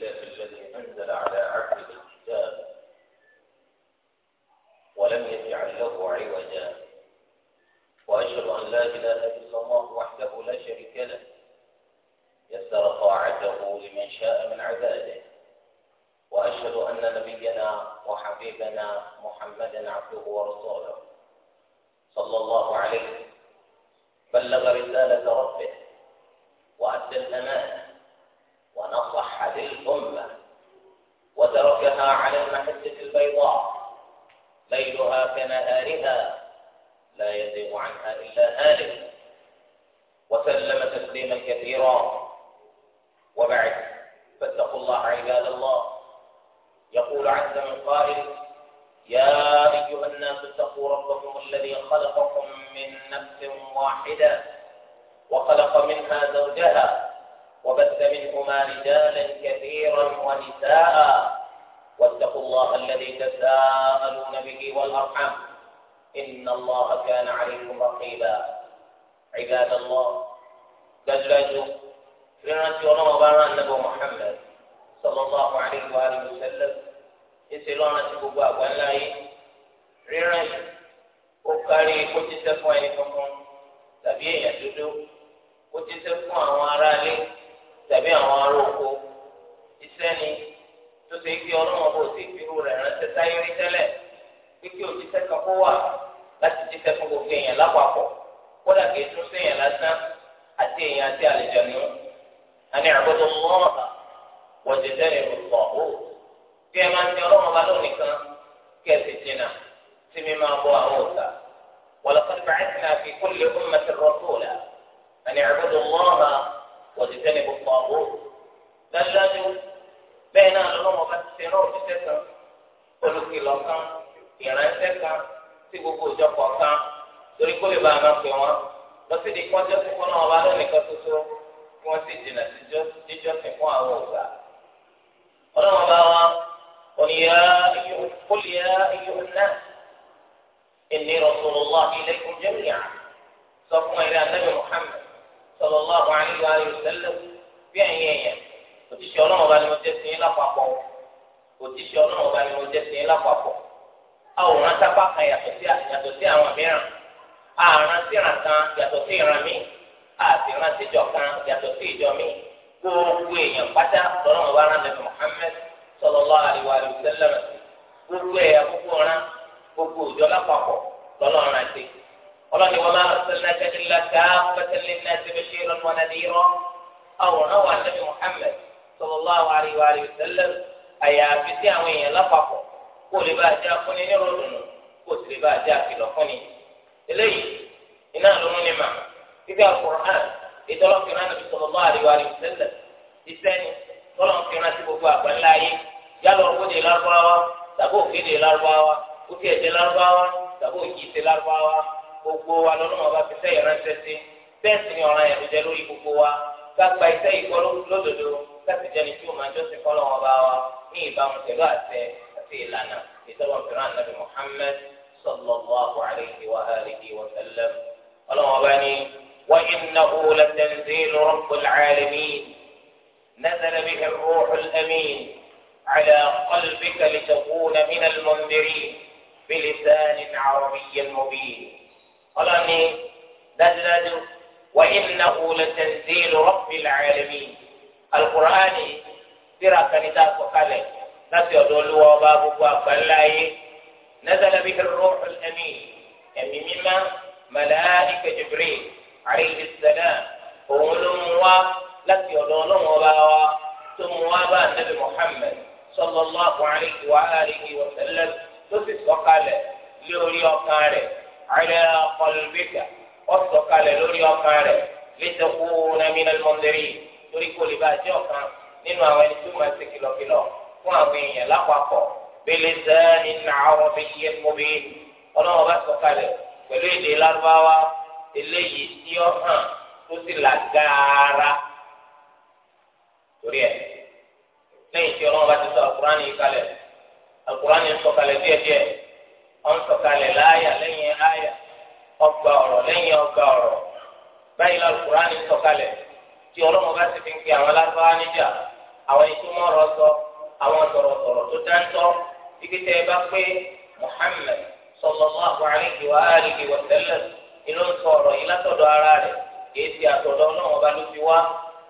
لله الذي أنزل على عبده الكتاب ولم يجعل له عوجا وأشهد أن لا إله إلا الله وحده لا شريك له يسر طاعته لمن شاء من عباده وأشهد أن نبينا وحبيبنا محمدا عبده ورسوله صلى الله عليه بلغ رسالة ربه وأدى الأمانة ونصح للأمة وتركها على المحجة البيضاء ليلها كنهارها لا يزيغ عنها إلا هالك وسلم تسليما كثيرا وبعد فاتقوا الله عباد الله يقول عز من قائل يا أيها الناس اتقوا ربكم الذي خلقكم من نفس واحدة وخلق منها زوجها وبث منهما رجالا كثيرا ونساء واتقوا الله الذي تساءلون به والارحم ان الله كان عليكم رقيبا عباد الله دجاج فرنات يوم وبارا النبي محمد صلى الله عليه واله وسلم ìṣèlọ́nà tí gbogbo àgbà ńlá yìí ríran yìí ó kárí kó ti والله agba وكاري kankan tàbí èèyàn dúdú kó ti tàbí àwọn aróko iṣẹ́ ni tó ṣe kí ọlọ́run bò ṣe ìfirú rẹ̀ ránṣẹ́ táyé rí tẹ́lẹ̀ pé kí òjíṣẹ́ kan kó wà láti jíṣẹ́ fún gbogbo èèyàn lápapọ̀ kódà kì í tún séèyàn lásán àti èèyàn àti àlejò ni wọn. àní àgbọ̀dọ̀ mọ́ọ̀nà wọ̀jẹ̀ tẹ́lẹ̀ rúbọ̀ ó kí ẹ máa ń tẹ ọlọ́run bá lónìí kan kí ẹ sì jìnnà sí mi máa bọ àwọn òòtà. wọ́n lọ wọ̀dìtẹ́ni gbogbo àwọ̀ dájúdájú bẹ́ẹ̀ náà lọ́wọ́ bá ti ṣe náà òṣìṣẹ́ kan olùkìlọ̀ kan ìránṣẹ́ kan sí gbogbo ìjọpọ̀ kan torí kó lè bá a máa pè wọ́n lọ sí ìdíkọ́ jọ́sìn fún náà ọba lónìí tuntun kí wọ́n sì jìnnà sí jíjọ́sìn fún àwọn ọ̀gá. ọlọ́wọ́n bá wọn oníyà kólíyà iyùn náà ìní rọ̀sùlùmọ́ ilé ìkúnjẹ́ mìíràn sọ fún ẹ̀rẹ́ anábì Muhammad sallallahu alaihi wa sallam bí ẹ̀yin èèyàn òtíṣe ọlọ́run ọba ni mo jẹ́ sí yín lápapọ̀ òtíṣe ọlọ́run ọba ni mo jẹ́ sí yín lápapọ̀ àwòrán sábà kan yàtọ̀ sí àwọn mìíràn àrùn síran kan yàtọ̀ sí ìran mi, àti ìran síjọ kan yàtọ̀ sí ìjọ míì gbogbo èèyàn pátá lọ́rùn ọba rán lẹ́nu Muhammad sallallahu alaihi wa sallam gbogbo ẹ̀yà gbogbo ọ̀ràn gbogbo òjò lápapọ̀ lọ́lọ́run àti ọlọ́ni wọn máa sẹ́lẹ̀ kẹ́kẹ́lá ká pẹ́tẹ́lẹ́ náà ti bẹ̀ṣẹ̀ ìrọ̀lù wọn àti ìrọ̀ àwòrán wa nàbì Muhammad sallallahu alaihi wa alihi wasallam àyàfi sí àwọn èèyàn lápapọ̀ kó lè bá a jẹ́ afúnni ní ròdùnú kó sì lè bá a jẹ́ àfilọ̀ fúnni. eléyìí iná ló ni mà bíbí al-Qur'an ìtọ́lọ́fin náà nàbì sallallahu alaihi wa alihi wasallam ìsẹ́ni tọ́lọ́fin gbogbo wa lọ́nà ọba fi sẹ́yìn ránṣẹ́ sí bẹ́ẹ̀ sì ni ọ̀ràn yẹn ló jẹ́ lórí gbogbo wa gbàgbà iṣẹ́ ìkọ́ lódodo láti jẹ́ni tí ó máa jọ́sìn fọ́lọ́ wọn bá wa ní ìbámu pẹ̀lú àṣẹ àti ìlànà ìtọ́wọ́n fìràn nàbì Muhammad sallallahu alayhi wa alihi wa sallam ọlọ́wọ́n bá ní wa innahu latanzilu rabbil alamin nazala bihi ọlọ́ni dájúdájú wà ìnà òlẹ̀tẹ̀sílù rabbil alamin alukur'ani síra kanita sọ̀kalẹ̀ láti ọ̀dọ̀ olúwa ọba gbogbo àgbáńlá yé nazala bihi ruuxul amin ẹ̀mí mímá malaika jibril alayhi salam òun ló mú wa láti ọ̀dọ̀ ọlọ́wọ́ ọba wa tó mú wa bá nabi muhammad sallallahu alayhi wa alihi wa sallam tó sì sọ̀kalẹ̀ lórí ọkàn rẹ̀ ala qalbika ó sọ̀kalẹ̀ lórí ọkàn rẹ̀ litakuna minal mundirin torí kò lè bá jẹ́ ọ̀kan nínú àwọn ẹni tó máa ṣe kìlọ̀kìlọ̀ fún àwọn èèyàn lápapọ̀ bilisanin arabiyyin mubin ọlọ́wọ́ bá sọ̀kalẹ̀ pẹ̀lú èdè lárúbáwá eléyìí tí ó hàn tó sì làgàrà torí ẹ̀ lẹ́yìn tí ọlọ́wọ́ bá ti sọ àkùránì kalẹ̀ àkùránì sọ̀kalẹ̀ díẹ̀díẹ̀ wọn sọ̀kalẹ̀ láàyà lẹ́yìn àyà ọgbà ọ̀rọ̀ lẹ́yìn ọgbà ọ̀rọ̀ báyìí lọ Kùránì sọ̀kalẹ̀ tí ọlọ́mọ bá ti fi ń pe àwọn alágbára níjà àwọn ìtumọ̀ ọ̀rọ̀ sọ àwọn sọ̀rọ̀sọ̀rọ̀ tó dáńtọ́ ibi tẹ́ ẹ bá pé Muhammad sallallahu alaihi wa alihi wa sallam inú ń sọ ọ̀rọ̀ yìí látọ̀dọ̀ ara rẹ̀ kìí ti àtọ̀dọ̀ ọlọ́mọ bá ló fi wá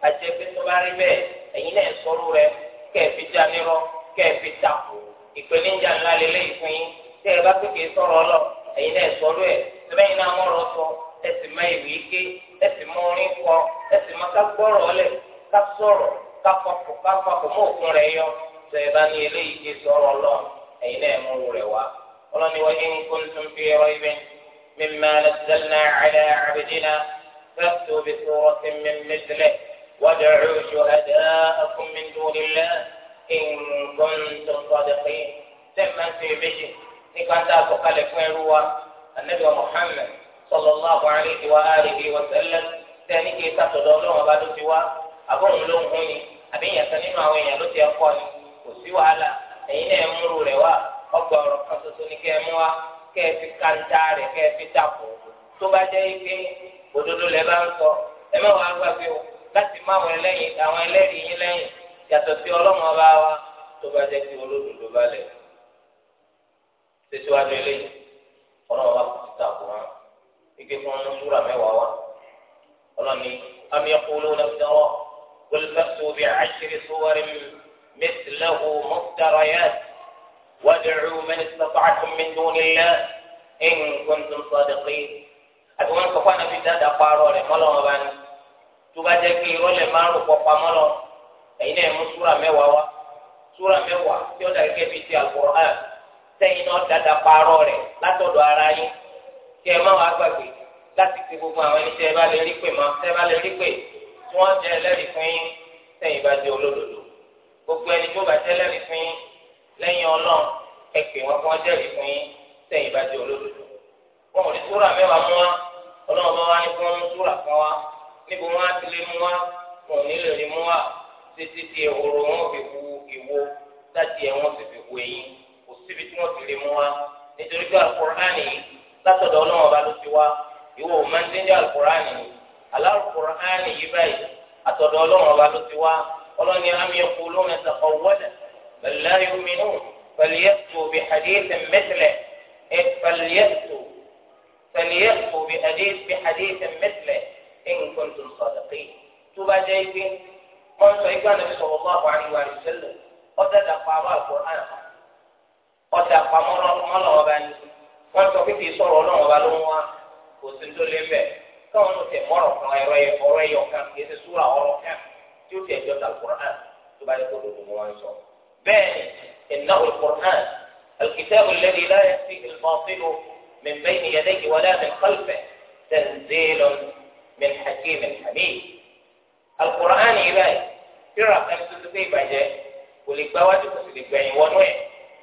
àti pé tó bá rí bẹ́ẹ̀ ẹ̀yin náà sọ̀rọ̀ rẹ̀ kẹ́ẹ̀ fi já nírọ́ kẹ́ẹ̀ fi takò ìpèníjà ńlá lélẹ́yìí fún yín tẹ ẹ bá pé kì í sọ̀rọ̀ ọlọ ẹ̀yin náà sọ̀rọ̀ ẹ sẹbẹyin náà mọrọ sọ ẹ sì má ìwé ké ẹ sì mọ orin kọ ẹ sì má ká gbọ́rọ̀ ọlẹ ká sọ̀rọ̀ ká papọ̀ ká papọ̀ mọ òkun rẹ yọ tẹ ẹ bá ní eléyìí kì í sọ̀rọ̀ ọlọ náà mú rẹ wá ọlọni wa in kuntum fi raybin mimma nazzalna ala abdina fatu bi suratin min mithlihi wad'u shuhada'akum min dunillah in nípa tá a sọ̀kalẹ̀ fún ẹrú wa anabi wa muhammed sallallahu alayhi wa alihi wa sallam sẹ́ni kì í sàtọ̀dọ̀ ọlọ́run ọba tó ti wá abọ́hùn ló ń hún ni àbí ìyàtọ̀ nínú àwọn èèyàn ló ti ẹ̀kọ́ ni kò sí wàhálà ẹ̀yin náà múrù rẹ̀ wá ọgbà ọ̀rọ̀ kan ṣoṣo ni kẹ́ ẹ mú wa kẹ́ ẹ fi kàńtà rẹ̀ kẹ́ ẹ fi dàpọ̀ tó bá jẹ́ ike òdodo lẹ́ bá ń sọ ẹ mẹ́wàá gbàgbé o láti má àwọn ẹlẹ́yìn àwọn ẹlẹ́rìí yín lẹ́yìn yàtọ̀ sí ọlọ́run ọba wa tó bá jẹ́ kí olódodo bá tẹsíwájú eléyìí ọlọ́run wa kò ti ta kó wọn ike fún ọmọ súra mẹ́wàá wa ọlọ́run ni àmì ẹ̀kúló lẹ́fẹ̀dọ́wọ́ olùfẹ́sọ bí àṣírí sówárì mẹsìlẹ́hu mọ́tàráyà wàdìrú mẹsìlẹ́fàtún mi dúnilẹ́ ẹ̀yìn kọ́ńtún sọ́dọ̀kì àti wọn kọ́ fún àbí dáadáa pààrọ̀ rẹ̀ mọ́lọ́wọ́ bá ní tó bá jẹ́ pé ìrọ́lẹ̀ márùn kọ́ pamọ́ náà mú súra mẹ́wàá wa súra mẹ́wàá tí ó dàgẹ́gẹ́ bíi ti àkùrọ̀ sẹ́yìn náà dada parọ́ rẹ̀ látọ̀dọ̀ ara yín kí ẹ má wàá gbàgbé láti fi gbogbo àwọn ẹni tẹ́ ẹ bá lè rí pè mọ́ tẹ́ ẹ bá lè rí pè tí wọ́n jẹ́ ẹlẹ́rìí fún yín sẹ́yìn bá jẹ́ olódodo gbogbo ẹni tó bá jẹ́ ẹlẹ́rìí fún yín lẹ́yìn ọlọ́run ẹ pè wọ́n fún ọjẹ́rìí fún yín sẹ́yìn bá jẹ́ olódodo wọn ò ní súrà mẹ́wàá mú wa ọlọ́run bá wá ní kí wọ́n mú súrà kan wa níbo wọn á ti lè mú wa wọn ò ní lè rí mú wa títí tí ehoro wọn fi wu ìwo láti ẹ̀ wọn sì fi wu eyín síbi tí wọ́n ti lè mú wa nítorí pé alukur'ani látọ̀dọ̀ ọlọ́wọ́n bá ló ti wá ìwọ ò máa ń dín ní alukur'ani alukur'ani yìí báyìí àtọ̀dọ̀ ọlọ́wọ́n bá ló ti wá ọlọ́ni àmì ẹ̀kọ́ lóun ẹ̀sẹ̀ ọ̀wọ́dà bẹ̀lẹ́ ayọ́mínú فليأتوا بحديث مثله فليأتوا فليأتوا بحديث بحديث مثله إن كنتم صادقين تبا جايبين قلت إذا النبي الله عليه وسلم قد القرآن ọ̀sẹ̀ àpamọ́ ọlọ́wọ́ bá ní wọ́n sọ pé kì í sọ̀rọ̀ ọlọ́wọ́ bá ló ń wá kò sí tó lé bẹ̀ káwọn ló tẹ̀ mọ́rọ̀ kan ọ̀rọ̀ ẹ̀yọ kan kì í ṣe súra ọ̀rọ̀ kan tí ó tẹ̀ jọta alukur'an tó bá yẹ kó dodo ni wọ́n sọ. bẹ́ẹ̀ni iná alukur'an alkitabu lẹ́ni láyé sí ìmọ̀sílù min bẹ́ẹ̀ni yẹ́dẹ́gì wọlé min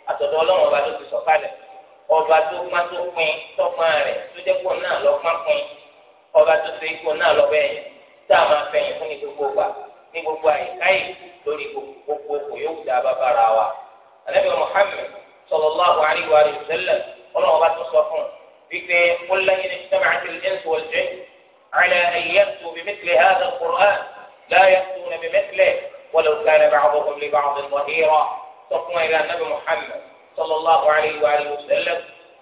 àtọ̀dọ̀ ọlọ́run ọba tó ti sọ kalẹ̀ ọba tó má tó pin tọ́gbọ́n rẹ̀ tó jẹ́ kó náà lọ pọ́n pin ọba tó ṣe kó náà lọ bẹ́ẹ̀ tá a máa fẹ̀yìn fún ní gbogbo gbà ní gbogbo àyíká yìí lórí gbogbo kò yóò dá bá bára wa. anabi muhammed sallallahu alayhi wa sallam ọlọ́run ọba tó sọ fún wípé kúlẹ́yìn ní sẹ́màtì ẹ̀ńsì wọ̀lẹ́jẹ́ على أن يأتوا بمثل هذا القرآن لا يأتون بمثله ولو كان بعضهم لبعض ظهيرا sọ fún ẹ̀rọ anábì Muhammad sallallahu alayhi wa alihi wa sallam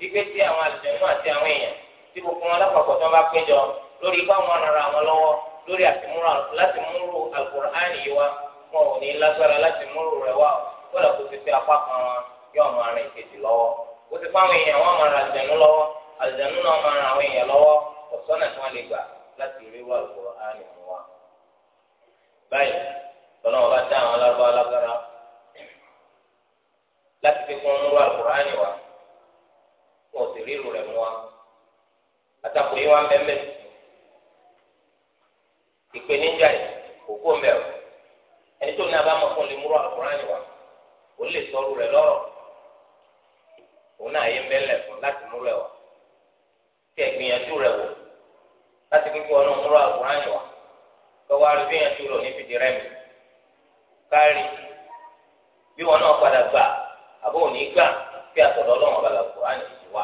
ìgbé tí àwọn àlùjẹ̀nú àti àwọn èèyàn tí gbogbo wọn lápapọ̀ tó bá péjọ lórí ipá wọn rárá wọn lọ́wọ́ lórí àtìmúrò láti múrò alukur'ani yìí wá wọn ò ní lágbára láti múrò rẹ̀ wá wọ́n lọ́ọ́ kó ti fi apá kan wọn yóò máa rìn kejì lọ́wọ́ ó ti fáwọn èèyàn wọn máa ra àlùjẹ̀nú lọ́wọ́ àlùjẹ̀nú náà máa ra àwọn èèyàn lọ́wọ́ ọ̀sọ́nà báyìí ọlọ́run bá dá àwọn alábọ́ alágbára láti fi kún mú alukur'ani wa wọn sì rí irú rẹ̀ mú wa àtàkùn yìí wà mẹ́mẹ́ ìpèníjà yìí mẹ́rọ ẹni tó ní abámọ̀ fún lè mú alukur'ani wa ó lè sọ̀rọ̀ rẹ̀ lọ́rọ̀ òun náà yé mbẹ́lẹ̀ fún láti wá kí ẹ̀gbìyànjú wò láti ọ̀nà wa bí wọn náà padà gbà. àbọ̀ òní gbà bí àtọ̀dọ̀ ọlọ́run ọba làkùránì ti wà.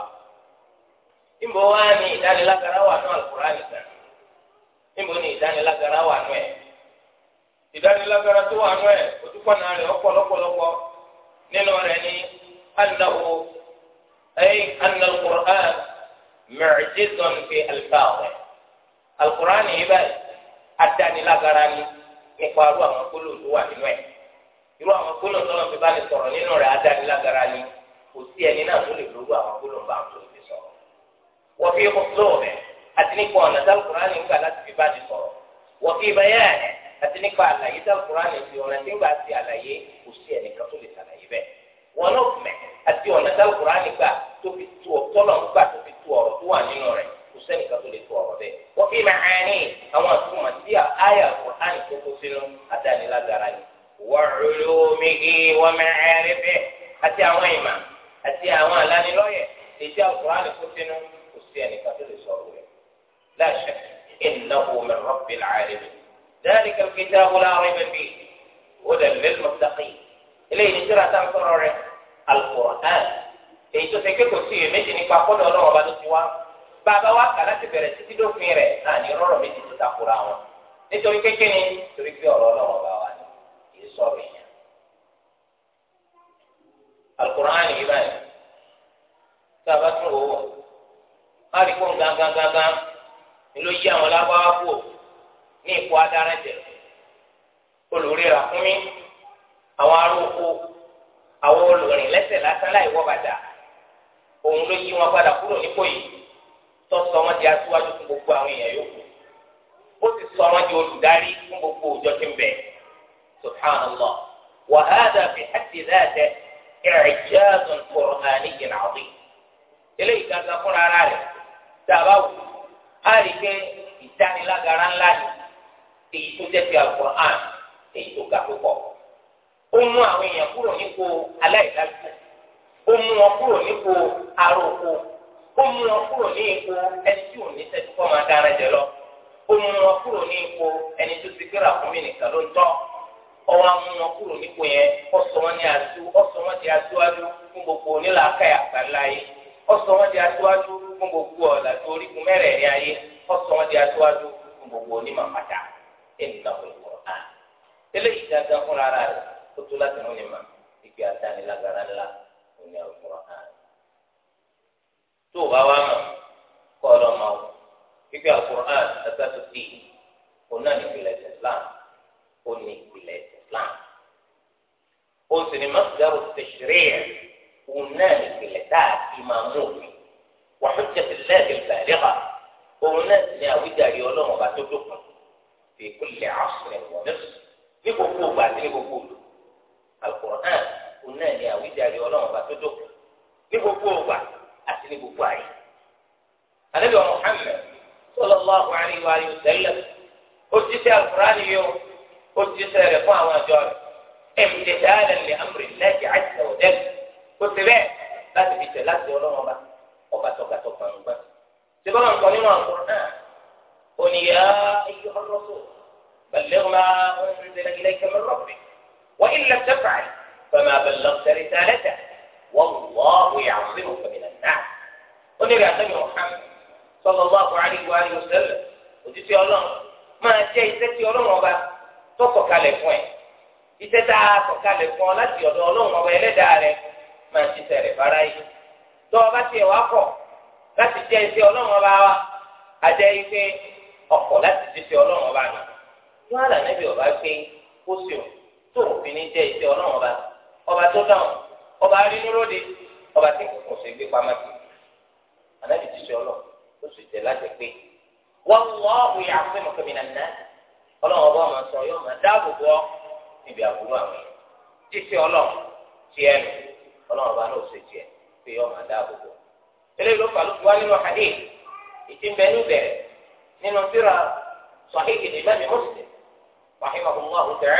níbo wá ní ìdánilágara wà nù àlùkùránì kan níbo ní ìdánilágara wà nù ẹ̀. ìdánilágara tó wà nù ẹ̀ ojúkọ̀nà rẹ̀ ọ̀pọ̀lọpọ̀lọpọ̀ nínú rẹ̀ ní annahu ay anna al-Qur'an mu'jizun fi alfaadhi. àlùkùránì yìí adánilágara ni nípa arú àwọn gbólóhùn wà nínú ẹ̀ irú àwọn gbólóhùn tó lọ́n fi bá lè sọ̀rọ̀ nínú rẹ̀ adánilágara ni kò sí ẹni náà tó lè lóru àwọn gbólóhùn bá tó fi sọ̀rọ̀ wọ́n fi kó tó rẹ̀ àti nípa ọ̀nà tá al ń gbà láti fi bá lè sọ̀rọ̀ wọ́n fi bayani àti nípa àlàyé tá Al-Qur'ani ti ọ̀rẹ́ tí ń gbà ti àlàyé àwọn ìmà àti àwọn àlánilọ́yẹ̀ ètí àkùránì kó sínú kò sí ẹnìkan tó lè sọ̀rọ̀ rẹ̀ láṣẹ ìnáwó mẹ́rọ̀ bílà àrẹ̀mí dáàrí kẹfì tá a wọlé àwọn ẹgbẹ́ bíi ó dẹ̀ lẹ́nu mọ́tàkì eléyìí ní sọ́ra tá a sọ̀rọ̀ rẹ̀ alukur'an èyí tó ṣe pé sí iye méjì nípa kọ́nà ọlọ́wọ́ bá tó ti wá bàbá wa kà láti bẹ̀rẹ̀ títí dófin rẹ̀ náà ní rọ́rọ̀ méjì tó ó mú àwọn èèyàn kúrò nípò aláìdájú ó mú wọn kúrò nípò aróko ó mú wọn kúrò ní ipò ẹni tí ò ní sẹ́jú kọ́ máa dára jẹ lọ ó mú wọn kúrò ní ipò ẹni tó ti gbéra fún mi nìkan ló ń tọ́ ọwọ́ mú wọn kúrò nípò yẹn ọ̀sọ̀ wọn ni àṣù ọ̀sọ̀ wọn di aṣíwájú fún gbogbo onílàákàyè àgbàlá yìí ọ̀sọ̀ wọn di aṣíwájú fún gbogbo ọ̀làjú orígun mẹ́rẹ̀ẹ̀rin ayé ọ̀sọ̀ wọn di aṣíwájú fún gbogbo onímọ̀ ó tó láti mú yẹn mà ìpè àdánilágbára ńlá òní àwòrán náà tó o bá wá mọ̀ kọ́ ọ lọ mọ̀ ọ́ ìpè àwòrán àtàtò tí òun náà ní ìpìlẹ̀ ẹ̀sìn Islam ó ní ìpìlẹ̀ ẹ̀sìn Islam ó sì ní mọ́tòdáró tẹ̀sírẹ́ẹ̀ òun náà ní ìpìlẹ̀ tá a máa mú òfin wàhùjẹ́ tẹ̀lé ẹ̀dẹ̀gbẹ̀rẹ̀ òun náà ní àwíjàre ọlọ́run tó dókun fi kúlẹ̀ àṣẹ ìwọ̀n ní gbogbo ògbà àti ní gbogbo òlù alukur'an òun náà ni àwíjàre ọlọ́run bá tó dókè ní gbogbo ògbà àti ní gbogbo ayé. àlejò àwọn muhammed sallallahu alaihi wa alihi wasallam ó ti sẹ́ alukur'an yìí ó ó ti sẹ́ rẹ̀ fún àwọn àjọ rẹ̀ imtithalan li amri Allahi azza wa jalla ó ti bẹ́ẹ̀ láti fi tẹ̀ láti ọlọ́run bá ọba tọ́katọ́ gbangba. ṣé bọ́lá nǹkan nínú alukur'an òní yá ayé ọlọ́sọ̀ balẹ̀ وإن لم تفعل فما بلغت رسالته والله يعصمك من الناس ونبي عتمي محمد صلى الله عليه وآله وسلم وجدت يا الله ما جاي ستي يا الله وبا توكو كالفوين ìtẹ́tà sọ̀kalẹ̀ láti ọ̀dọ̀ ọlọ́run ọba ẹlẹ́dàá rẹ máa ń ṣiṣẹ́ rẹ̀ fara yìí tó ọba tiẹ̀ wá kọ̀ láti jẹ́ iṣẹ́ ọlọ́run ọba wa àjẹ́ ife ọkọ̀ láti ṣiṣẹ́ ọlọ́run ọba nà wọ́n àlànà bí ọba gbé kó sí òun tó òfin ní jẹ́ ọlọ́run ọba ọba tó ọba rínú lóde ọba tí kò sì gbé pamọ́ sí ànábì ti ṣe ọlọ́run ó sì jẹ́ láti pé wọ́n mọ ọ̀hún yà fún mi ọba ọmọ sọ yóò máa dáàbò bọ́ níbi àbúrò àwọn ṣe ọlọ́run ti ọba náà ṣe tiẹ̀ pé yóò máa dáàbò bọ́ eléyìí ló fà ló fi wá nínú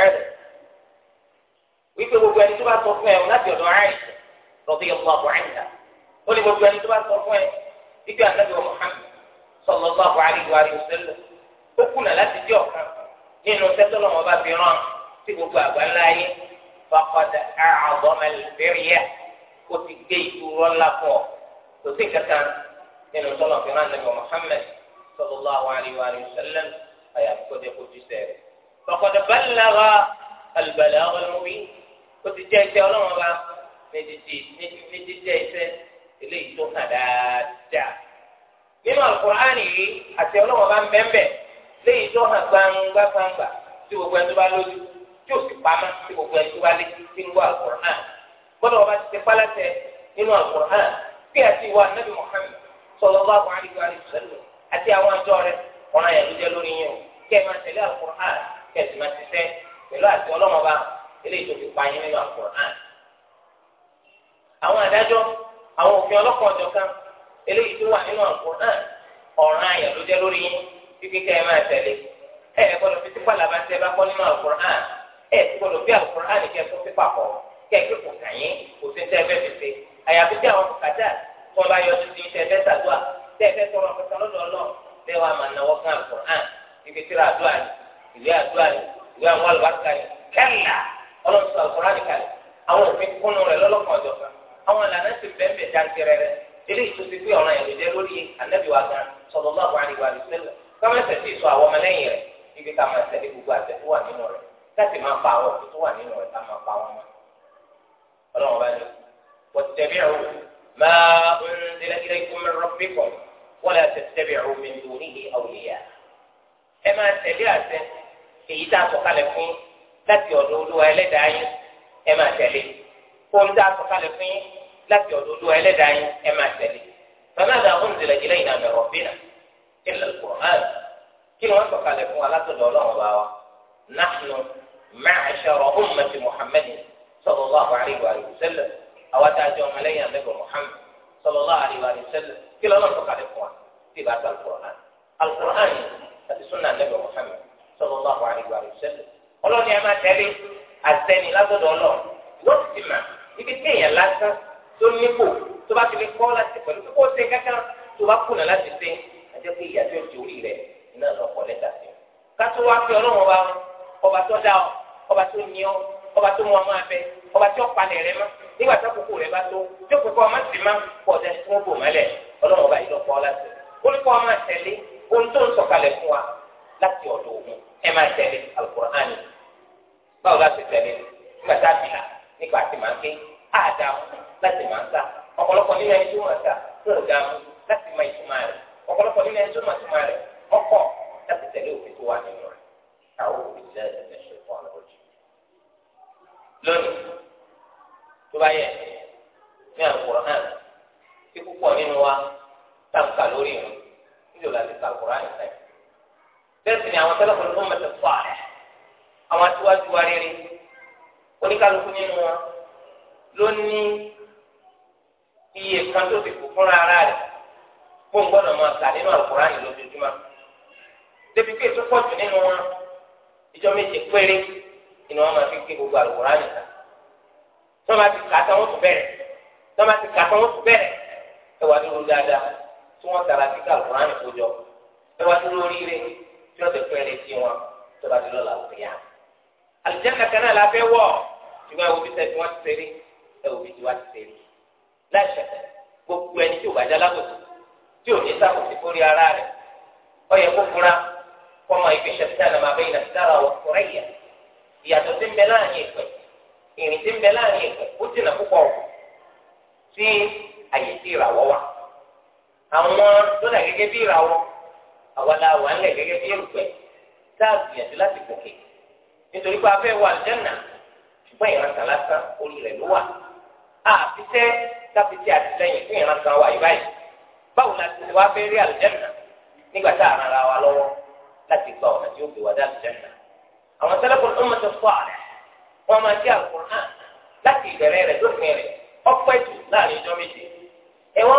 ìtì wípé gbogbo ẹni tó bá sọ fún ẹ láti ọ̀dọ̀ Àìṣà radiyallahu anha ó ní gbogbo ẹni tó bá sọ fún ẹ wípé àtàbí wa Muhammad sallallahu alaihi wa sallam ó kùnà láti jẹ́ ọ̀kan nínú sẹ́tọ́lọ́mọ bá fi rán sí gbogbo àgbáńlá ayé faqad a'zama al ó ti gbé ìdúró ńlá fún ọ kò sí nínú sọ́lọ́ fi rán nàbẹ̀ Muhammad sallallahu alaihi wa sallam àyàfi ó ti jẹ́ iṣẹ́ ọlọ́run ọba ní títí ní iṣẹ́ eléyìí tó hàn dáadáa nínú àlùkùránì yìí àti ọlọ́run ọba léyìí tó hàn gbangba gbangba tí gbogbo ẹni tó bá lójú tí sì pamọ́ tí gbogbo ẹni tó bá lé tí ń ọba ti ṣe nínú wa àti àwọn àjọ ló o eléyìí tó fi pa yín nínú Al-Qur'an àwọn adájọ́ àwọn òfin ọlọ́kọ̀ ọ̀jọ̀kan eléyìí tó wà nínú Al-Qur'an ọ̀ràn àyàn ló jẹ́ lórí yín kíkí kẹ́ ẹ máa tẹ̀lé ẹ ẹ gbọ́dọ̀ fi sípàlà bá tẹ bá kọ́ nínú Al-Qur'an ẹ ti gbọ́dọ̀ fi Al-Qur'an kẹ́ ẹ tó sípà pọ̀ kẹ́ ẹ kí kò kàn yín kò sí tẹ́ fẹ́ fi ṣe àyàfi tí àwọn kàtà tó bá yọ títí tẹ́ fẹ́ sàdúà tẹ́ fẹ́ tọrọ kankan lọ́dọ̀ Ọlọ́run bẹ́ẹ̀ wà máa náwó kan Al-Qur'an ibi tíra àdúrà ni ìwé àdúrà ni ìwé àwọn àlùbáṣà ni kẹ́lá ọlọ́run sọ àkùránì kalẹ̀ àwọn òfin kúnnú rẹ̀ lọ́lọ́kan ọ̀jọ̀kan àwọn ìlànà sì bẹ́ẹ̀ jáde rẹ̀ eléyìí tó ti pé ọ̀ràn yẹn ló jẹ́ lórí anábì wa gan sallallahu alaihi wa sallam kọ́mẹ́sẹ̀ ti sọ àwọn ọmọlẹ́yìn rẹ̀ ibi ká máa tẹ̀lé gbogbo àtẹ̀ tó wà nínú rẹ̀ láti máa pa àwọn òfin tó wà nínú rẹ̀ ká máa pa wọn mọ́ ọlọ́run bá ní wattabi'u ma tẹ̀lé láti ọ̀dọ̀ olúwa ẹlẹ́dàá yín ẹ máa tẹ̀lé ohun tá a sọ kalẹ̀ fún yín láti ọ̀dọ̀ olúwa ẹlẹ́dàá yín ẹ máa tẹ̀lé bàbá àgbà ọ̀hún ìdílẹ̀ jìlẹ̀ ìlànà ẹ̀rọ bínà ilẹ̀ kùrán kí ni wọ́n sọ kalẹ̀ fún wa látọ̀dọ̀ ọlọ́run bá wa nahnu ma'ashara ummati muhammadin sallallahu alayhi wa sallam àwa tá a jẹ ọmọlẹ́yìn àmẹ́gbẹ̀ ọlọ́ni ẹ máa tẹ̀lé àtẹni látọ̀dọ̀ ọlọ́ wọ́n ti mà ibi tí èèyàn lásán tó nípò tó bá ti lè kọ́ láti pẹ̀lú pé kó o ṣe kankan tó bá kùnà láti ṣe ẹjẹ́ pé ìyá tí ó ti orí rẹ̀ náà lọ kọ́ lẹ́tà sí. kátó wá fi ọlọ́run ọba ọba tó dá ọ ọba tó ní ọ ọba tó mú ọmọ abẹ ọba tí ó palẹ̀ rẹ mọ́ nígbà tí àkókò rẹ bá tó tí ó kókó ọmọ sì má pọ̀ ọ̀dẹ tí wọ́n bò mọ́lẹ̀ ọlọ́run ọba yìí lọ kọ́ láti báwo la ṣe tẹ̀lé nígbà tá a bìlà nígbà tí màá ké àdàmú láti màá sá ọ̀pọ̀lọpọ̀ nínú ẹni tó màá sá tó ò dàmú láti máa ìtumọ̀ rẹ̀ ọ̀pọ̀lọpọ̀ nínú ẹni tó màá túmọ̀ rẹ̀ ọkọ̀ láti tẹ̀lé òfin tó wà nínú rẹ̀ àwọn òfin jẹ́ ẹ̀ṣẹ̀ fún ọ̀nà òjì. lónìí tó bá yẹ ní àkùrọ̀ náà tí púpọ̀ nínú wa tàǹkà lórí ìrìn níjọba ti àwọn aṣíwájú wa rere oníkálukú nínú wọn ló ní iye kan tó fi kú fúnra ara rẹ̀ fún gbọ́dọ̀ máa kà nínú àlùkùránì lójoojúmọ́ débi pé tó pọ̀jù nínú wọn ìjọ méje péré ìnáwó máa fi gbé gbogbo àlùkùránì ta tó bá ti kà tán wọ́n tún bẹ̀rẹ̀ tó bá ti kà tán wọ́n bẹ̀rẹ̀ ẹ dúró dáadáa tí wọ́n tara kíkà àlùkùránì kó jọ ẹ wà dúró tí wọ́n ti pẹ́ẹ́rẹ́ sí wọn tó bá ti lọ́la òkè àlùjánnà kan náà la fẹ́ wọ̀ ṣùgbọ́n ẹ wo bí sẹ́yìn tí wọ́n ti ṣe rí ẹ wo bí tí wọ́n ti ṣe rí láṣẹ gbogbo ẹni tí ò bá jẹ́ alábòsí tí ò ní sábòsí fórí ara rẹ̀ ó yẹ kó fura kó ọmọ ìgbé ṣẹ̀ṣẹ̀ náà máa bẹ́yìn láti dára wọ ọ̀rẹ́ yẹ ìyàtọ̀ tí ń bẹ láàrin ìpẹ́ ìrìn tí ń bẹ láàrin ìpẹ́ ó dìnnà púpọ̀ sí àyè tí ìràwọ̀ wà àwọn tó dà gẹ́gẹ́ bí ìràwọ̀ àwọn làwọn ń lẹ̀ gẹ́gẹ́ bí èrùpẹ̀ sáà gbìyànjú láti gòkè nítorí pé afẹ́ wà lẹ́nà ṣùgbọ́n ìrànṣà lásán orí rẹ̀ ló wà àfi tẹ́ káfíńtì àtìlẹ́yìn fún ìrànṣà wa yìí báyìí báwo la ti wá fẹ́ rí àlùjẹ́nà nígbà tá a ran ara wa lọ́wọ́ láti gba ọ̀nà tí ó gbé wa dá àlùjẹ́nà àwọn sẹ́lẹ̀kùn ọmọ tó fọ́ àrẹ̀ wọ́n máa jẹ́ àlùkùrán láti ìbẹ̀rẹ̀ rẹ̀ lópin rẹ̀ ọpẹ́ jù láàrin ọjọ́ méje ẹ̀wọ̀n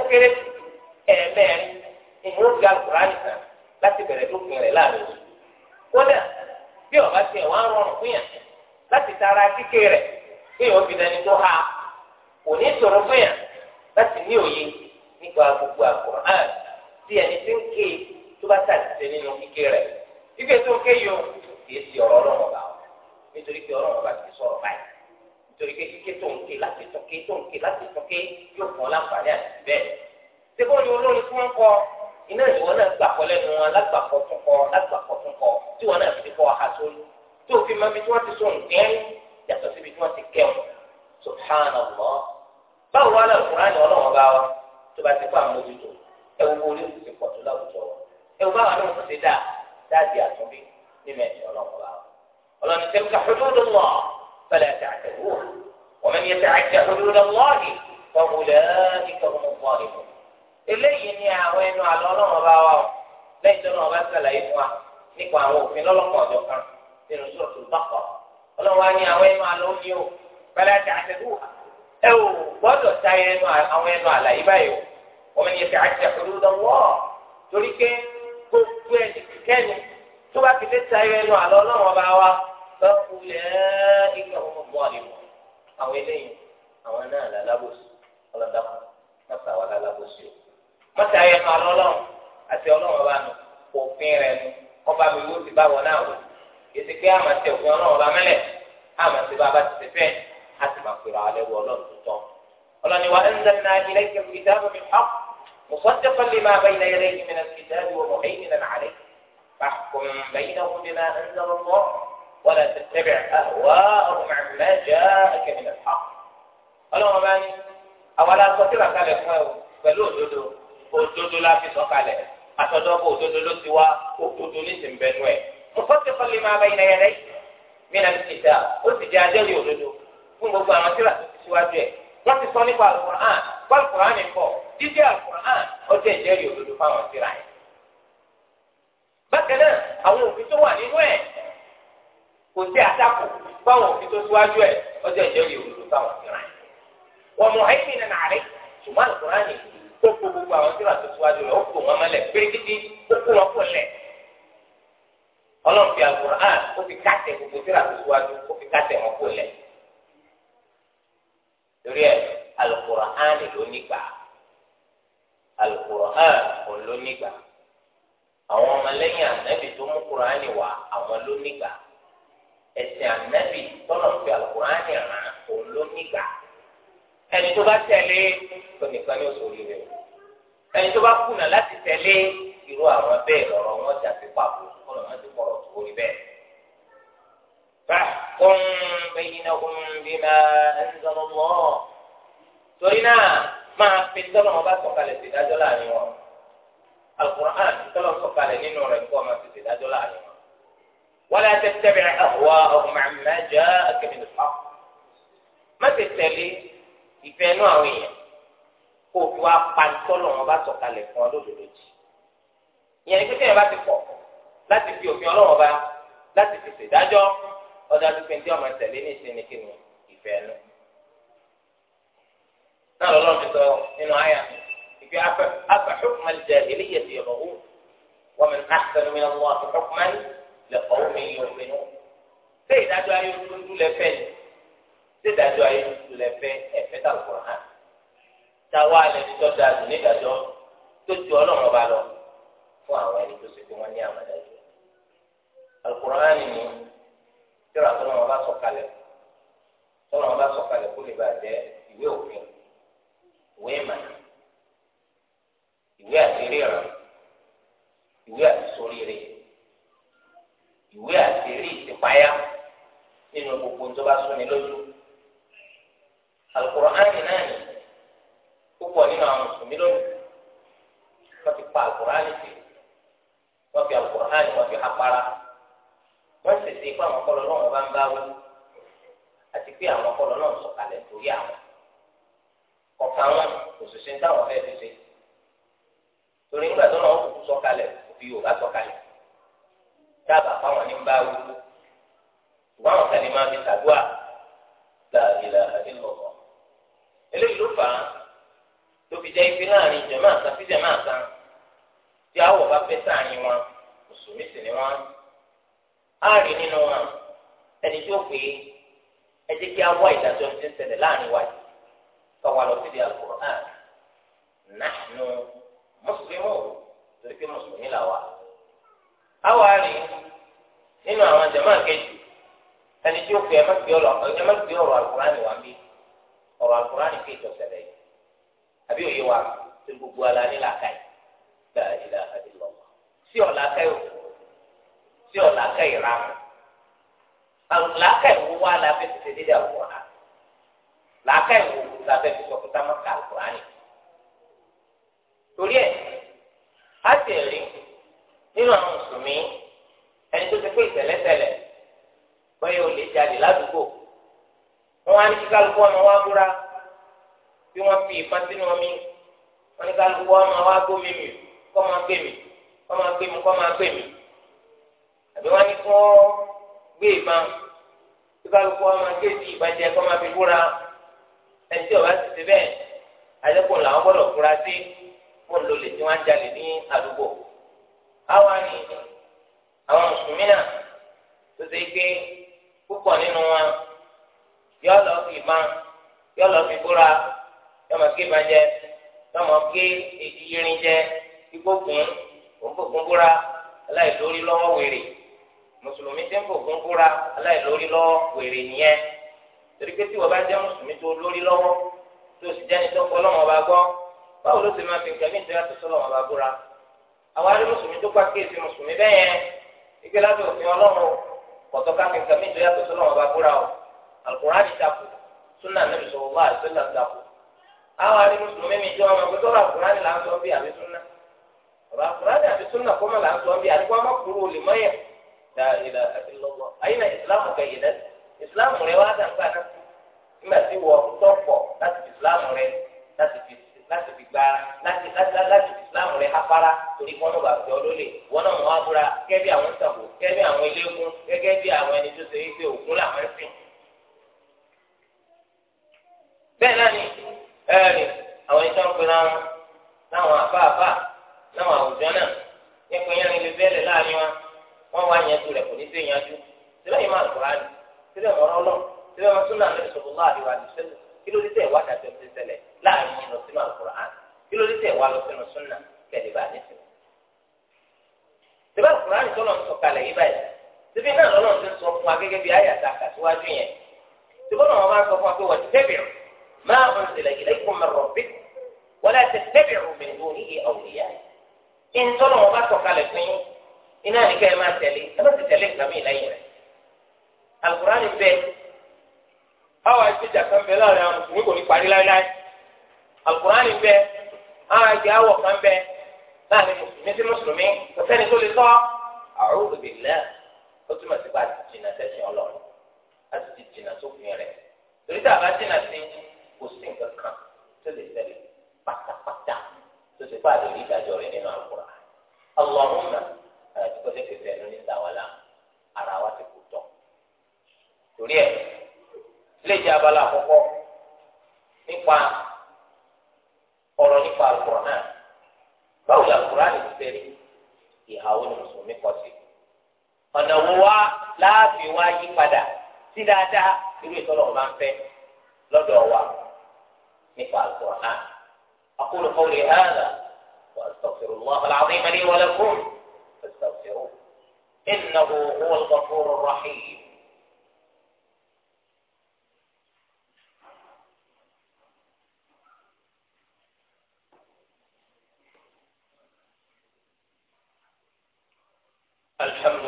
ọjọ́ ẹ̀ẹ̀mẹ́rin ìlú ó fi alukùránì kan láti bẹ̀rẹ̀ lópin rẹ̀ láàrin oṣù kódà bí ọba tiẹ̀ wá ń rọrùn fún yàn láti tara kíké rẹ̀ bí ìwọ́n fi dání tó ha kò ní ṣòro fún yàn láti ní òye nípa gbogbo alukùránì tí ẹni tí ń ké tó bá ṣàtìṣe nínú kíké rẹ̀ kíké tó ń ké yọ kì í ṣe ọ̀rọ̀ ọlọ́run ọba ọ nítorí pé ọlọ́run ti sọ̀rọ̀ báyìí nítorí pé kíké tó ń ké láti tó síbò ní olórin tí wọ́n kọ iná ìwọ náà gbàkọ́ lẹ́nu wọn lágbàkọ́ tún kọ lágbàkọ́ tún kọ tí wọ́n náà fi kọ́ ọ̀hà sórí tó fi máa bí tí wọ́n ti sọ nǹkan yàtọ̀ síbi tí wọ́n ti kẹ́wọ̀n subhanallah báwo wá náà fúnra ní ọlọ́wọ́n bá wa tó bá ti kọ́ àmójútó ẹ wo orí òkú ti pọ̀ tó láwùjọ wa báwa náà kò ti dáa dáàbì àtúnbí nínú ẹ̀sìn ọlọ́wọ́n bá wa ọlọ́ni tẹ́ ká hududullah fala ta'taduha wa man yata'adda hududallah fa ulaika humu zalimun eléyìí ni àwọn ẹnu àlọ́ ọlọ́run bá wa ọ lẹ́yìn tó náà bá ṣàlàyé fún wa nípa àwọn òfin ọ̀dọ̀ kan nínú sọ̀tù bàkọ̀ ọlọ́run wa àwọn ẹnu àlọ́ ní o àti ẹ gbọ́dọ̀ ta àwọn ẹnu àlàyé báyìí o wọ́n yẹ kí àti àkọlù lọ́wọ́ torí pé gbogbo ẹni kẹ́ni tó bá fi lé ta ẹnu àlọ́ ọlọ́run bá wà lọ́kù lẹ́ẹ̀ẹ́dẹ́gbẹ̀ wọn bọ́ mọ́tà yẹ kan lọ́lọ́run àti ọlọ́run ọba nù òfin rẹ̀ nù ọba mi wò ti bá wọn náà wò èsì pé àmà ti òfin ọlọ́run ọba mẹ́lẹ̀ àmà ti bá a bá ti ti fẹ́ àti máa pèrò alẹ́ wọ ọlọ́run tó tọ́ ọlọ́ni wa anzalna ilayka al-kitaba bil-haqq musaddiqan lima bayna yadayhi mina al-kitabi wa muhaiminan alayhi fahkum baynahum bima anzala Allah ولا تتبع أهواءهم عما جاءك من الحق. اللهم أولئك أولا قتلك على pẹ̀lú òdodo òdodo la fi sọ̀kalẹ̀ àtọ̀dọ́kọ̀ òdodo ló ti wá òdodo ní ìsìnbẹ́nu ẹ̀. mufasiqan o òdodo fún gbogbo àwọn ti ti nípa òdodo bákan náà àwọn òfin tó wà nínú kò sí òfin tó òdodo ó kó gbogbo àwọn tíra tó síwájú rẹ̀ ó kó wọn mọ́lẹ̀ pérégidì ó kó wọn kó lẹ̀ ọlọ́run fi àgùrán ó fi kásẹ̀ gbogbo tíra tó síwájú ó fi kásẹ̀ wọn kó lẹ̀ torí ẹ̀ Al-Qur'an ló nígbà Al-Qur'an kò ló nígbà àwọn ọmọlẹ́yìn ànábì tó mú kúránì wá àwọn ló nígbà ẹ̀sìn ànábì tọ́lọ̀ fi Al-Qur'an ràn án kò ló nígbà ẹni tó bá tẹ̀lé onìkan ní oṣù oríire ẹni tó bá kùnà láti tẹ̀lé irú àwọn bẹ́ẹ̀ lọ́rọ̀ wọn jà sí pàbó kọ́ lọ́wọ́ ti kọ́ ọ̀rọ̀ tó rí bẹ́ẹ̀. فاحكم بينهم بما أنزل الله torí náà máa fi tọ́lọ̀ wọn bá sọ̀kalẹ̀ sí ìdájọ́ láàrin wọn alukur'an tọ́lọ̀ sọ̀kalẹ̀ nínú rẹ̀ kó ọmọ sí ìdájọ́ láàrin wọn. wọ́n lè tẹ́tẹ́ bẹ̀rẹ̀ ìfẹ́ inú àwọn èèyàn kó o fi wá pa tọ́lọ̀ wọn bá sọ̀kalẹ̀ fún ọ lódodo jì ìyẹn ni kékeré bá ti pọ̀ láti fi òfin ọlọ́wọ́n bá láti fi ṣèdájọ́ ọ̀dà dúpẹ́ tí ọmọ ìtẹ̀lé ní ìsinmi kí ni ìfẹ́ inú. náà lọ́lọ́ mi sọ nínú àyà ìfẹ́ afẹ́hùkùnmá jẹ eléyè ti yọ̀ lọ́wọ́ wọ́n mi ká sẹ́nu mi lọ́wọ́ afẹ́hùkùnmá lẹ́kọ̀ọ́ mi yọ̀ dídájọ́ ayé tuntun lẹ fẹ́ ẹ̀fẹ́ tà lọ́kọ̀ hàn táwa lẹni tó da àdùn nídàjọ́ tó ju ọlọ́run ọba lọ fún àwọn ẹni tó ṣe pé wọ́n ní àmàdájọ́ Al-Qur'an ni tíra tọ́lọ́run ọba sọ̀kalẹ̀ tọ́lọ́run ọba sọ̀kalẹ̀ kó lè bàjẹ́ ìwé òfin ìwé ìmọ̀nà ìwé àti ríran ìwé àti sóríire ìwé àti rí ìtìpáyà nínú gbogbo tó bá súnni lójú alukur'ani náà ni púpọ̀ nínú àwọn mùsùlùmí lónìí wọ́n ti pa alukur'ani sí wọ́n fi alukur'ani wọ́n fi apara wọ́n sì ti pé àwọn ọpọlọ náà wọ́n bá ń bá wí àti pé àwọn ọpọlọ náà sọ̀kalẹ̀ torí àwọn ọ̀kan wọn kò ń dáwọ̀ fẹ́ẹ́ fi ṣe torí nígbà tó náà kúkú sọ̀kalẹ̀ òfin Yorùbá sọ̀kalẹ̀ dábàá fáwọn ní ń bá wí wọ́n àwọn ní máa fi tàdúà la ilaha eléyìí ló fà á ló fi jẹ́ ife láàrin jẹ̀máà kan sí jẹ̀máà kan tí àwọ̀ bá fẹ́ sáàrin wọn mùsùlùmí sì ni wọn á rí nínú wọn ẹni tó pè é ẹ jẹ́ kí á wá ìdájọ́ ti ń ṣẹlẹ̀ láàrin wa yìí káwa lọ síbi Al-Qur'an nahnu mùsùlùmí torí pé mùsùlùmí là wà á wà nínú àwọn jẹ̀máà kejì ẹni tó pè é ẹ má gbé ọ̀rọ̀ Al-Qur'an wà mí ọ̀rọ̀ àkùránì fi ìtọ̀sẹ̀lẹ̀ yìí àbí òye wa tí gbogbo ala ní làákàyè la ilaha illallah sí ọ̀làkàyè òkú sí ọ̀làkàyè ràmù àwọn làákàyè wo wá la fẹ́ tètè dédé àkùránì làákàyè wo la fẹ́ fi sọkúta má ka àkùránì torí ẹ̀ á sì nínú àwọn mùsùlùmí ẹni tó ti pé ìtẹ̀lẹ́tẹ̀lẹ̀ bọ́yọ̀ ò lè jáde ládùúgbò wọn wá ní kí kálukú ọmọ wa búra bí wọn fi ìfọn sínú omi wọn ní kálukú ọmọ wa gómi mi kọ́ máa gbé mi kọ́ máa gbé mi kọ́ máa gbé mi àbí wọn ní kọ́ gbé ìbọn kí kálukú ọmọ gbé ti ìbàjẹ́ kọ́ máa fi búra ẹni ọba ti ti bẹ́ẹ̀ adẹ́kùn làwọn gbọ́dọ̀ fura sí wọn lò lè tí wọ́n jalè ní àdúgbò àwa ni àwọn mùsùlùmí náà tó ṣe pé púpọ̀ nínú wọn yọ lọ fi má yọ lọ fi búra yọ mọ kí ìbàjẹ yọ mọ kí èdè irin jẹ ìgbókun òǹfòkun búra aláìlórí lọ́wọ́ wèrè mùsùlùmí tí ń fòkun búra aláìlórí lọ́wọ́ wèrè nìyẹn torí pé tí wọ́n bá jẹ́ mùsùlùmí tó lórí lọ́wọ́ tó sì jẹ́ni tó kọ́ lọ́wọ́ ọba gbọ́ báwo ló ti máa fi nǹkan mìíràn tó sọ́lọ́ ọba búra àwọn arí mùsùlùmí tó pa kéèsì mùsùlùmí bẹ́ẹ̀ yẹn ìgbé òfin ọlọ́run kọ̀tọ́ ká fi nǹkan mìíràn tó sọ́lọ́ ọba búra o alukur'an dako sunna nabi sallallahu alaihi wasallam dako àwọn àti mùsùlùmí mi jọ ọmọ gbẹdọrọ alukur'an là ń sọ bí àbí sunna ọ̀rọ̀ alukur'an àti sunna kọ́mọ là ń sọ bí àti kọ́mọ kúrò olè mọ́yẹ̀ dá ilà àti lọ́wọ́ àyìnà ìsìlámù kẹ yìí lẹ́sìn ìsìlámù rẹ wá dàgbà náà nígbà tí wọ́n tọ́pọ̀ láti fi ìsìlámù rẹ láti fi láti fi gba láti láti láti fi ìsìlámù rẹ afárá torí kọ́nà bá fi ọdún lè wọ́n náà wọ́n á búra gẹ́gẹ́ bí àwọn ìsàbò gẹ́gẹ́ bí àwọn ilé bẹ́ẹ̀ náà ni ẹ̀rì àwọn ìjọ ń wọn láwọn àfáàfá láwọn àwùjọ náà nípa yẹn lè bẹ́ẹ̀lẹ̀ láàrin wa wọ́n wá yanjú rẹ̀ kò ní sí yanjú sílẹ̀ yìí máa lọ́ra ni sílẹ̀ mọ́rọ́ lọ sílẹ̀ lè sọ̀rọ̀ lọ́wọ́ àdìwà àdìwà sẹ́lẹ̀ kí ló dé tẹ̀ wá dàbí ọtí sẹlẹ̀ láàrin lọ kí ló dé tẹ̀ wá lọ sí. ما أنزل إليكم من ربكم ولا تتبعوا من دونه أولياء إن تلوموا ما تخالفين إن أنا كما تلي كما تتلي كمي لين القرآن بيت أو أجد كم بلا يا مسلمين يقول لا لا القرآن بيت أو أجد أو كم بيت لا المسلمين المسلمين وثاني كل صاع أعوذ بالله قلت ما تبعت جنة الله أتجد جنة سوف يرى تريد أبعت جنة kò sí nǹkan kan tó lè ṣẹlẹ̀ pátápátá tó ti pàdé rí ìdájọ́ rẹ̀ nínú àkùrà ọlọ́run náà àti kọjá kẹfẹ́ ẹnu ní ìdáwọ́lá ara wa ti kú tọ̀ torí ẹ̀ lè jẹ́ abala àkọ́kọ́ nípa ọ̀rọ̀ nípa àkùrà náà báwo la àkùrà lè ti fẹ́rí ìhàwó ni mùsùlùmí kọ sí ọ̀nà wo wá láàfin wá yí padà sí dáadáa irú ìtọ́lọ̀ máa ń fẹ́ lọ́dọ̀ wa. نفع القرآن أقول قولي هذا وأستغفر الله العظيم لي ولكم فاستغفروه إنه هو الغفور الرحيم الحمد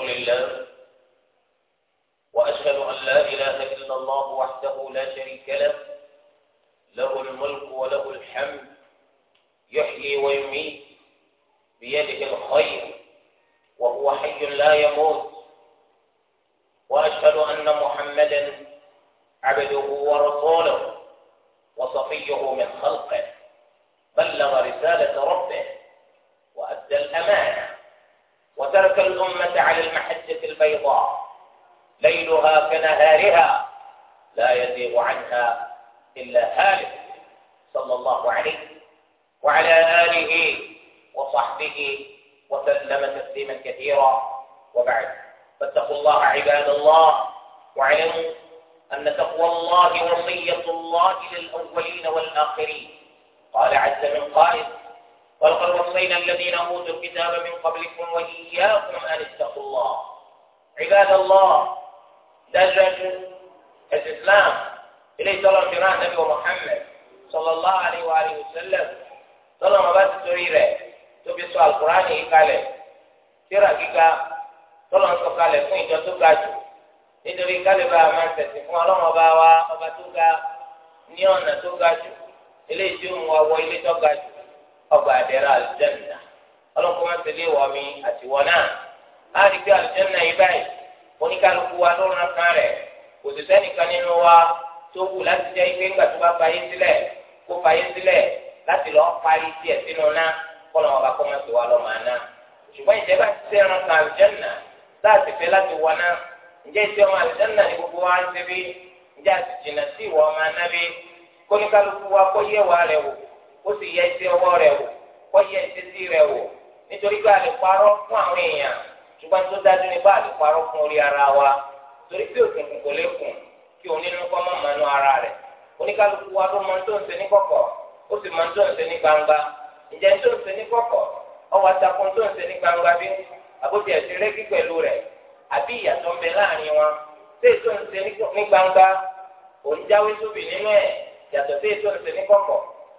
fún ìjọ tó ga jù nítorí kálíbà máa ń tẹ̀sí fún ọlọ́run ọba wa ọba tó ga ní ọ̀nà tó ga jù eléyìí tí ó mú ọwọ́ ilé tó ga jù ọgbà àdẹ́rẹ́ àlùjẹ́nà ọlọ́run kó má ti lé wọ̀ mí àtiwọ́ náà á rí pé àlùjẹ́nà yìí báyìí oníkálukú wa ló ràn kan rẹ̀ kò sì sẹ́nìkan nínú wa tó wù láti jẹ́ ike ńgbà tó bá fayé sílẹ̀ kó fayé sílẹ̀ láti lọ́ọ́ parí tiẹ̀ sínú náà kọ́ ṣùgbọ́n ìjẹ́bà ti sẹ́ràn kan àlùjẹ́nà láti fẹ́ láti wọ náà ǹjẹ́ ìṣe ọmọ àlùjánnà ní gbogbo wa ń ṣe bí ǹjẹ́ àti jìnnà sí ìwọ ọmọ anábì kóníkálukú wa kó yẹ wa rẹ̀ wò ó sì yẹ iṣẹ́ ọwọ́ rẹ̀ wò kó yẹ iṣẹ́ sí rẹ̀ wò nítorí pé fún àwọn èèyàn ṣùgbọ́n tó dájú bá ara wa torí pé òkùnkùn kò lè kí onínú kọ́ mọ́ ara rẹ̀ wa ló mọ tó ń ní ó sì mọ àbótí ẹ̀sìn rẹ́gí pẹ̀lú rẹ̀ àbí ìyàtọ̀ ń bẹ láàrin wọn ṣé èso ń ṣe ní gbangba òun jáwé sóbì nínú ẹ̀ yàtọ̀ sí èso ń ṣe ní kọ̀kọ̀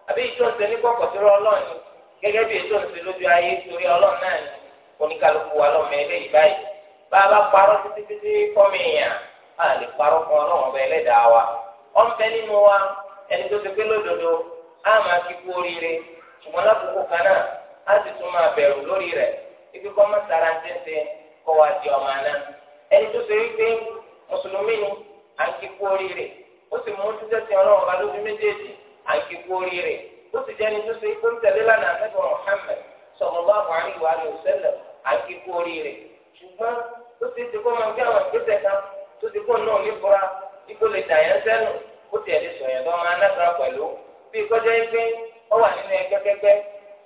àbí èso ń ṣe ní kọ̀kọ̀ tó rọ ọlọ́run gẹ́gẹ́ bí èso ń lójú ayé ọlọ́run a bá parọ́ títí títí fọ́mi èèyàn a lè parọ́ fún ọlọ́run ẹlẹ́dàá wa ọ̀n bẹ nínú wa ẹni tó ti pé lódodo á máa oríire ṣùgbọ́n lákòókò kan náà á sì tún máa ibi kọ́ mọ́ sara ń tẹ́sẹ̀ kọ́ wa di ọmọ àná ẹni tó ṣe wípé mùsùlùmí ni à ń kí kú oríire ó sì mú títẹ́ sí ọlọ́run ọba lójú méjèèjì à ń kí kú oríire ó sì jẹ́ni tó ṣe ikú ń tẹ̀lé lánàá nípa Muhammad sallallahu alaihi wa sallam à ń kí kú oríire ṣùgbọ́n ó ti ti kó máa gbé àwọn ìgbésẹ̀ kan tó ti kó náà ní fura ikú lè dà yẹn sẹ́nu ó tiẹ̀ lè sọ̀yẹ̀ lọ́ máa náà pẹ̀lú bí kọjá yín pé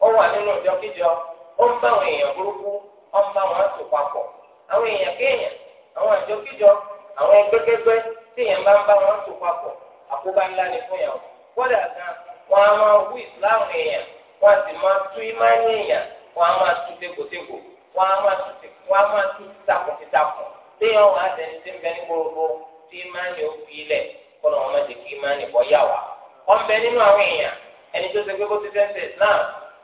ó ó ń bá àwọn èèyàn burúkú ó ń bá wọn sùn papọ̀ àwọn èèyàn kéèyàn àwọn àjọkíjọ àwọn ẹgbẹ́gbẹ́gbẹ́ tí èèyàn bá ń bá wọn sùn papọ̀ àkóbá ńlá ni fún yàn kódà gan wọn a máa wú ìsìláàmù èèyàn wọn a sì máa tú ìmáàní èèyàn wọn máa tú máa tú máa tú ní gbogbo tí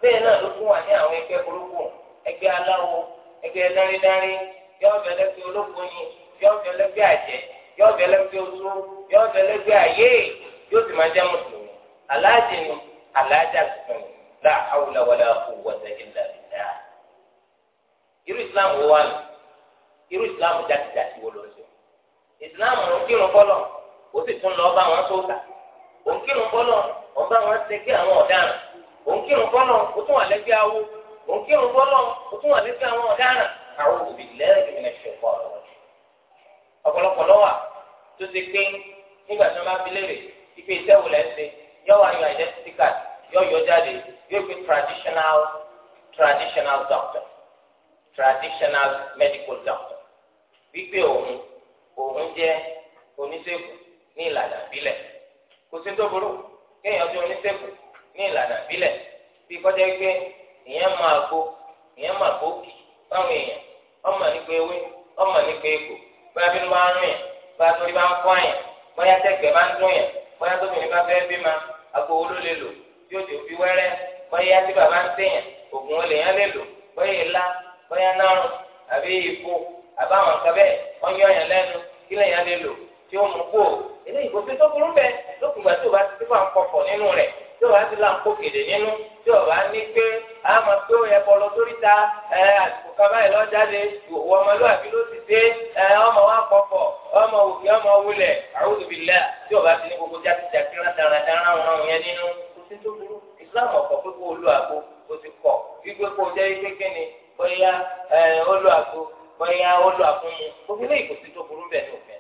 bẹ́ẹ̀ náà ló fún wa ní àwọn ẹgbẹ́ burúkú ẹgbẹ́ aláwo ẹgbẹ́ dáridári yọọ ologbo lẹgbẹ ológun yìí yọọ àjẹ́ yọọ bẹ oṣù yọọ bẹ lẹgbẹ yóò sì máa mùsùlùmí aláàjì ni aláàjà tuntun la hawla wala quwwata illa irú islam wo wà ní irú islam jákèjádé wo ló ń sọ islam ń kírun kọlọ ó ọba òun kírun fọ́nà ó tún wà lẹ́gbẹ́ awo òun kírun fọ́nà ó tún wà lẹ́gbẹ́ àwọn ọ̀daràn àwọn òbí lẹ́yìn ní ẹ̀ṣẹ̀ pọ̀ ọ̀pọ̀lọpọ̀ lọ́wà tó ti pé nígbà tí wọ́n bá fi léèrè ipe ìtẹ́wò lẹ́sẹ̀ yọ wá yọ identity card yọ yọ jáde yóò fi traditional traditional doctor traditional medical doctor wípé òun òun jẹ́ oníṣègùn ní ìlànà ìbílẹ̀ kò sí tó burú kéèyàn jẹ́ oníṣègùn ní ìlànà ìbílẹ̀ bí kọjá pé ìyẹn máa gbó ìyẹn máa gbókì báwọn èèyàn ọmọ nípa ewé ọmọ nípa egbò bóyá bí ló bá ń rìn bóyá tó ní bá ń kọ́ yẹn bóyá tẹ̀gbẹ́ bá ń dún yẹn bóyá tó bìnrin bá fẹ́ bí ma àgbo wo ló lè lò tí ó jò ya, wẹ́rẹ́ bóyá tí bàbá ń tẹ̀yàn ya olè yẹn lè lò nárùn àbí àbáwọn lẹ́nu kí lè yẹn lè lò tí tí o bá ti là ń kó kéde nínú tí o bá ní pé a pé o yẹ kọ lọ sórí ta ẹ àsìkò kaba yìí lọ jáde wọ ọmọlúwàbí ló ti dé ẹ ọmọ wa kọkọ ọmọ òkè ọmọ wulẹ a'udhu billah tí o bá ti ní gbogbo jáde jáde rádaràdarà ọ̀ràn yẹn nínú kò sí tó burú islam ọ̀kọ̀ pé kó o lo àgbo kó o ti kọ̀ wípé kó o jẹ́ ike kíni bóyá ẹ o lo àgbo bóyá o lo àfúnmu gbogbo ilé ìkòsí tó burú bẹ́ẹ̀ ní òfin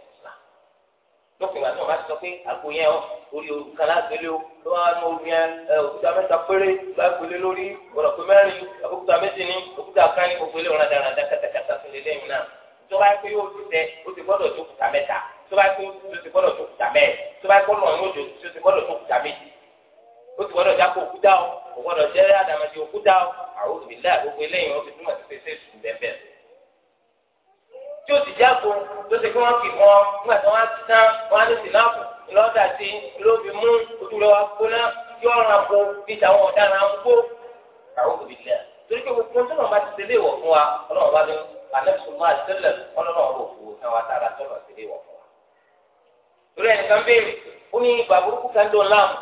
lópin ìgbà tí wọn bá ti sọ pé àpò yẹn ọ orí olùkà lágbélé o ló wá mú orí yẹn òkúta mẹ́ta péré lágbélé lórí ọ̀rọ̀ pé mẹ́rin òkúta méjì ní òkúta kan ní gbogbo ilé wọn dára dá kátàkátà fún ilé lẹ́yìn náà tó bá yẹ pé yóò ti tẹ ó ti gbọ́dọ̀ tó kúta mẹ́ta tó bá yẹ pé ó ti gbọ́dọ̀ tó kúta mẹ́ẹ̀ tó bá yẹ pé ó tó ti gbọ́dọ̀ tó kúta méjì ó ti gbọ́dọ̀ jákò òkúta o kò gbọ́dọ̀ jẹ́ àdàmàdì òkúta o àwọn òbí láà tó ṣe kí wọ́n kì mọ́ nígbà tí wọ́n ti tán wọ́n á ní síláàpù lọ́dà sí lóbi mú ojúlọ wa gbóná yọ ọ̀ràn bo bí tàwọn ọ̀daràn ń gbó. àwọn òbí lẹ̀ torí pé gbogbo tó lọ́ba ti tẹ̀lé ìwọ̀ fún wa ọlọ́run bá ní anẹ́sùnmọ́ àtẹ́lẹ̀ ọlọ́run ọ̀rọ̀ òfò táwa tára tọ́lọ̀ tẹ̀lé ìwọ̀ fún wa. torí ẹnìkan béèrè ó ní ìgbà burúkú kan dùn láàmú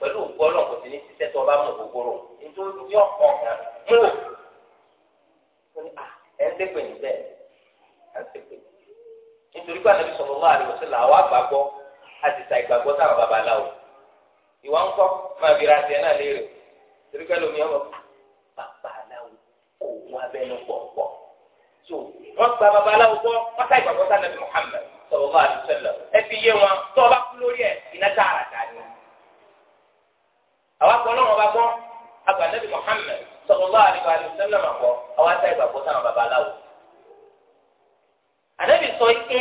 pẹ̀lú òkú ọlọ́kùn sí ní títẹ́ tó ọba mọ̀ gbogbooro nítorí ní ọ̀pọ̀ kan mú o ẹ̀ ń tẹ́pẹ̀ níbẹ̀ ẹ̀ ń tẹ́pẹ̀ nítorí pé ànábi sọ̀rọ̀ wá àdìgbò sí làwọn àgbàgbọ́ àti ta ìgbàgbọ́ táwọn babaláwo ìwà ń kọ́ máa fi ra tiẹ̀ náà léèrè torí pé lómi ọmọ babaláwo òun abẹ́nu so wọ́n gba babaláwo gbọ́ wọ́n ta ìgbàgbọ́ sí Muhammad sọ̀rọ̀ wá àdìgbò sẹ́lẹ̀ ẹ fi yé wọn tó ọba kú lórí ẹ̀ àwọn akọ ọlọ́run bá gbọ́ agbanabi Muhammad sallallahu alaihi wa sallam àkọ́ àwọn ata ìgbàgbọ́ sáwọn babaláwo. ànábì sọ ike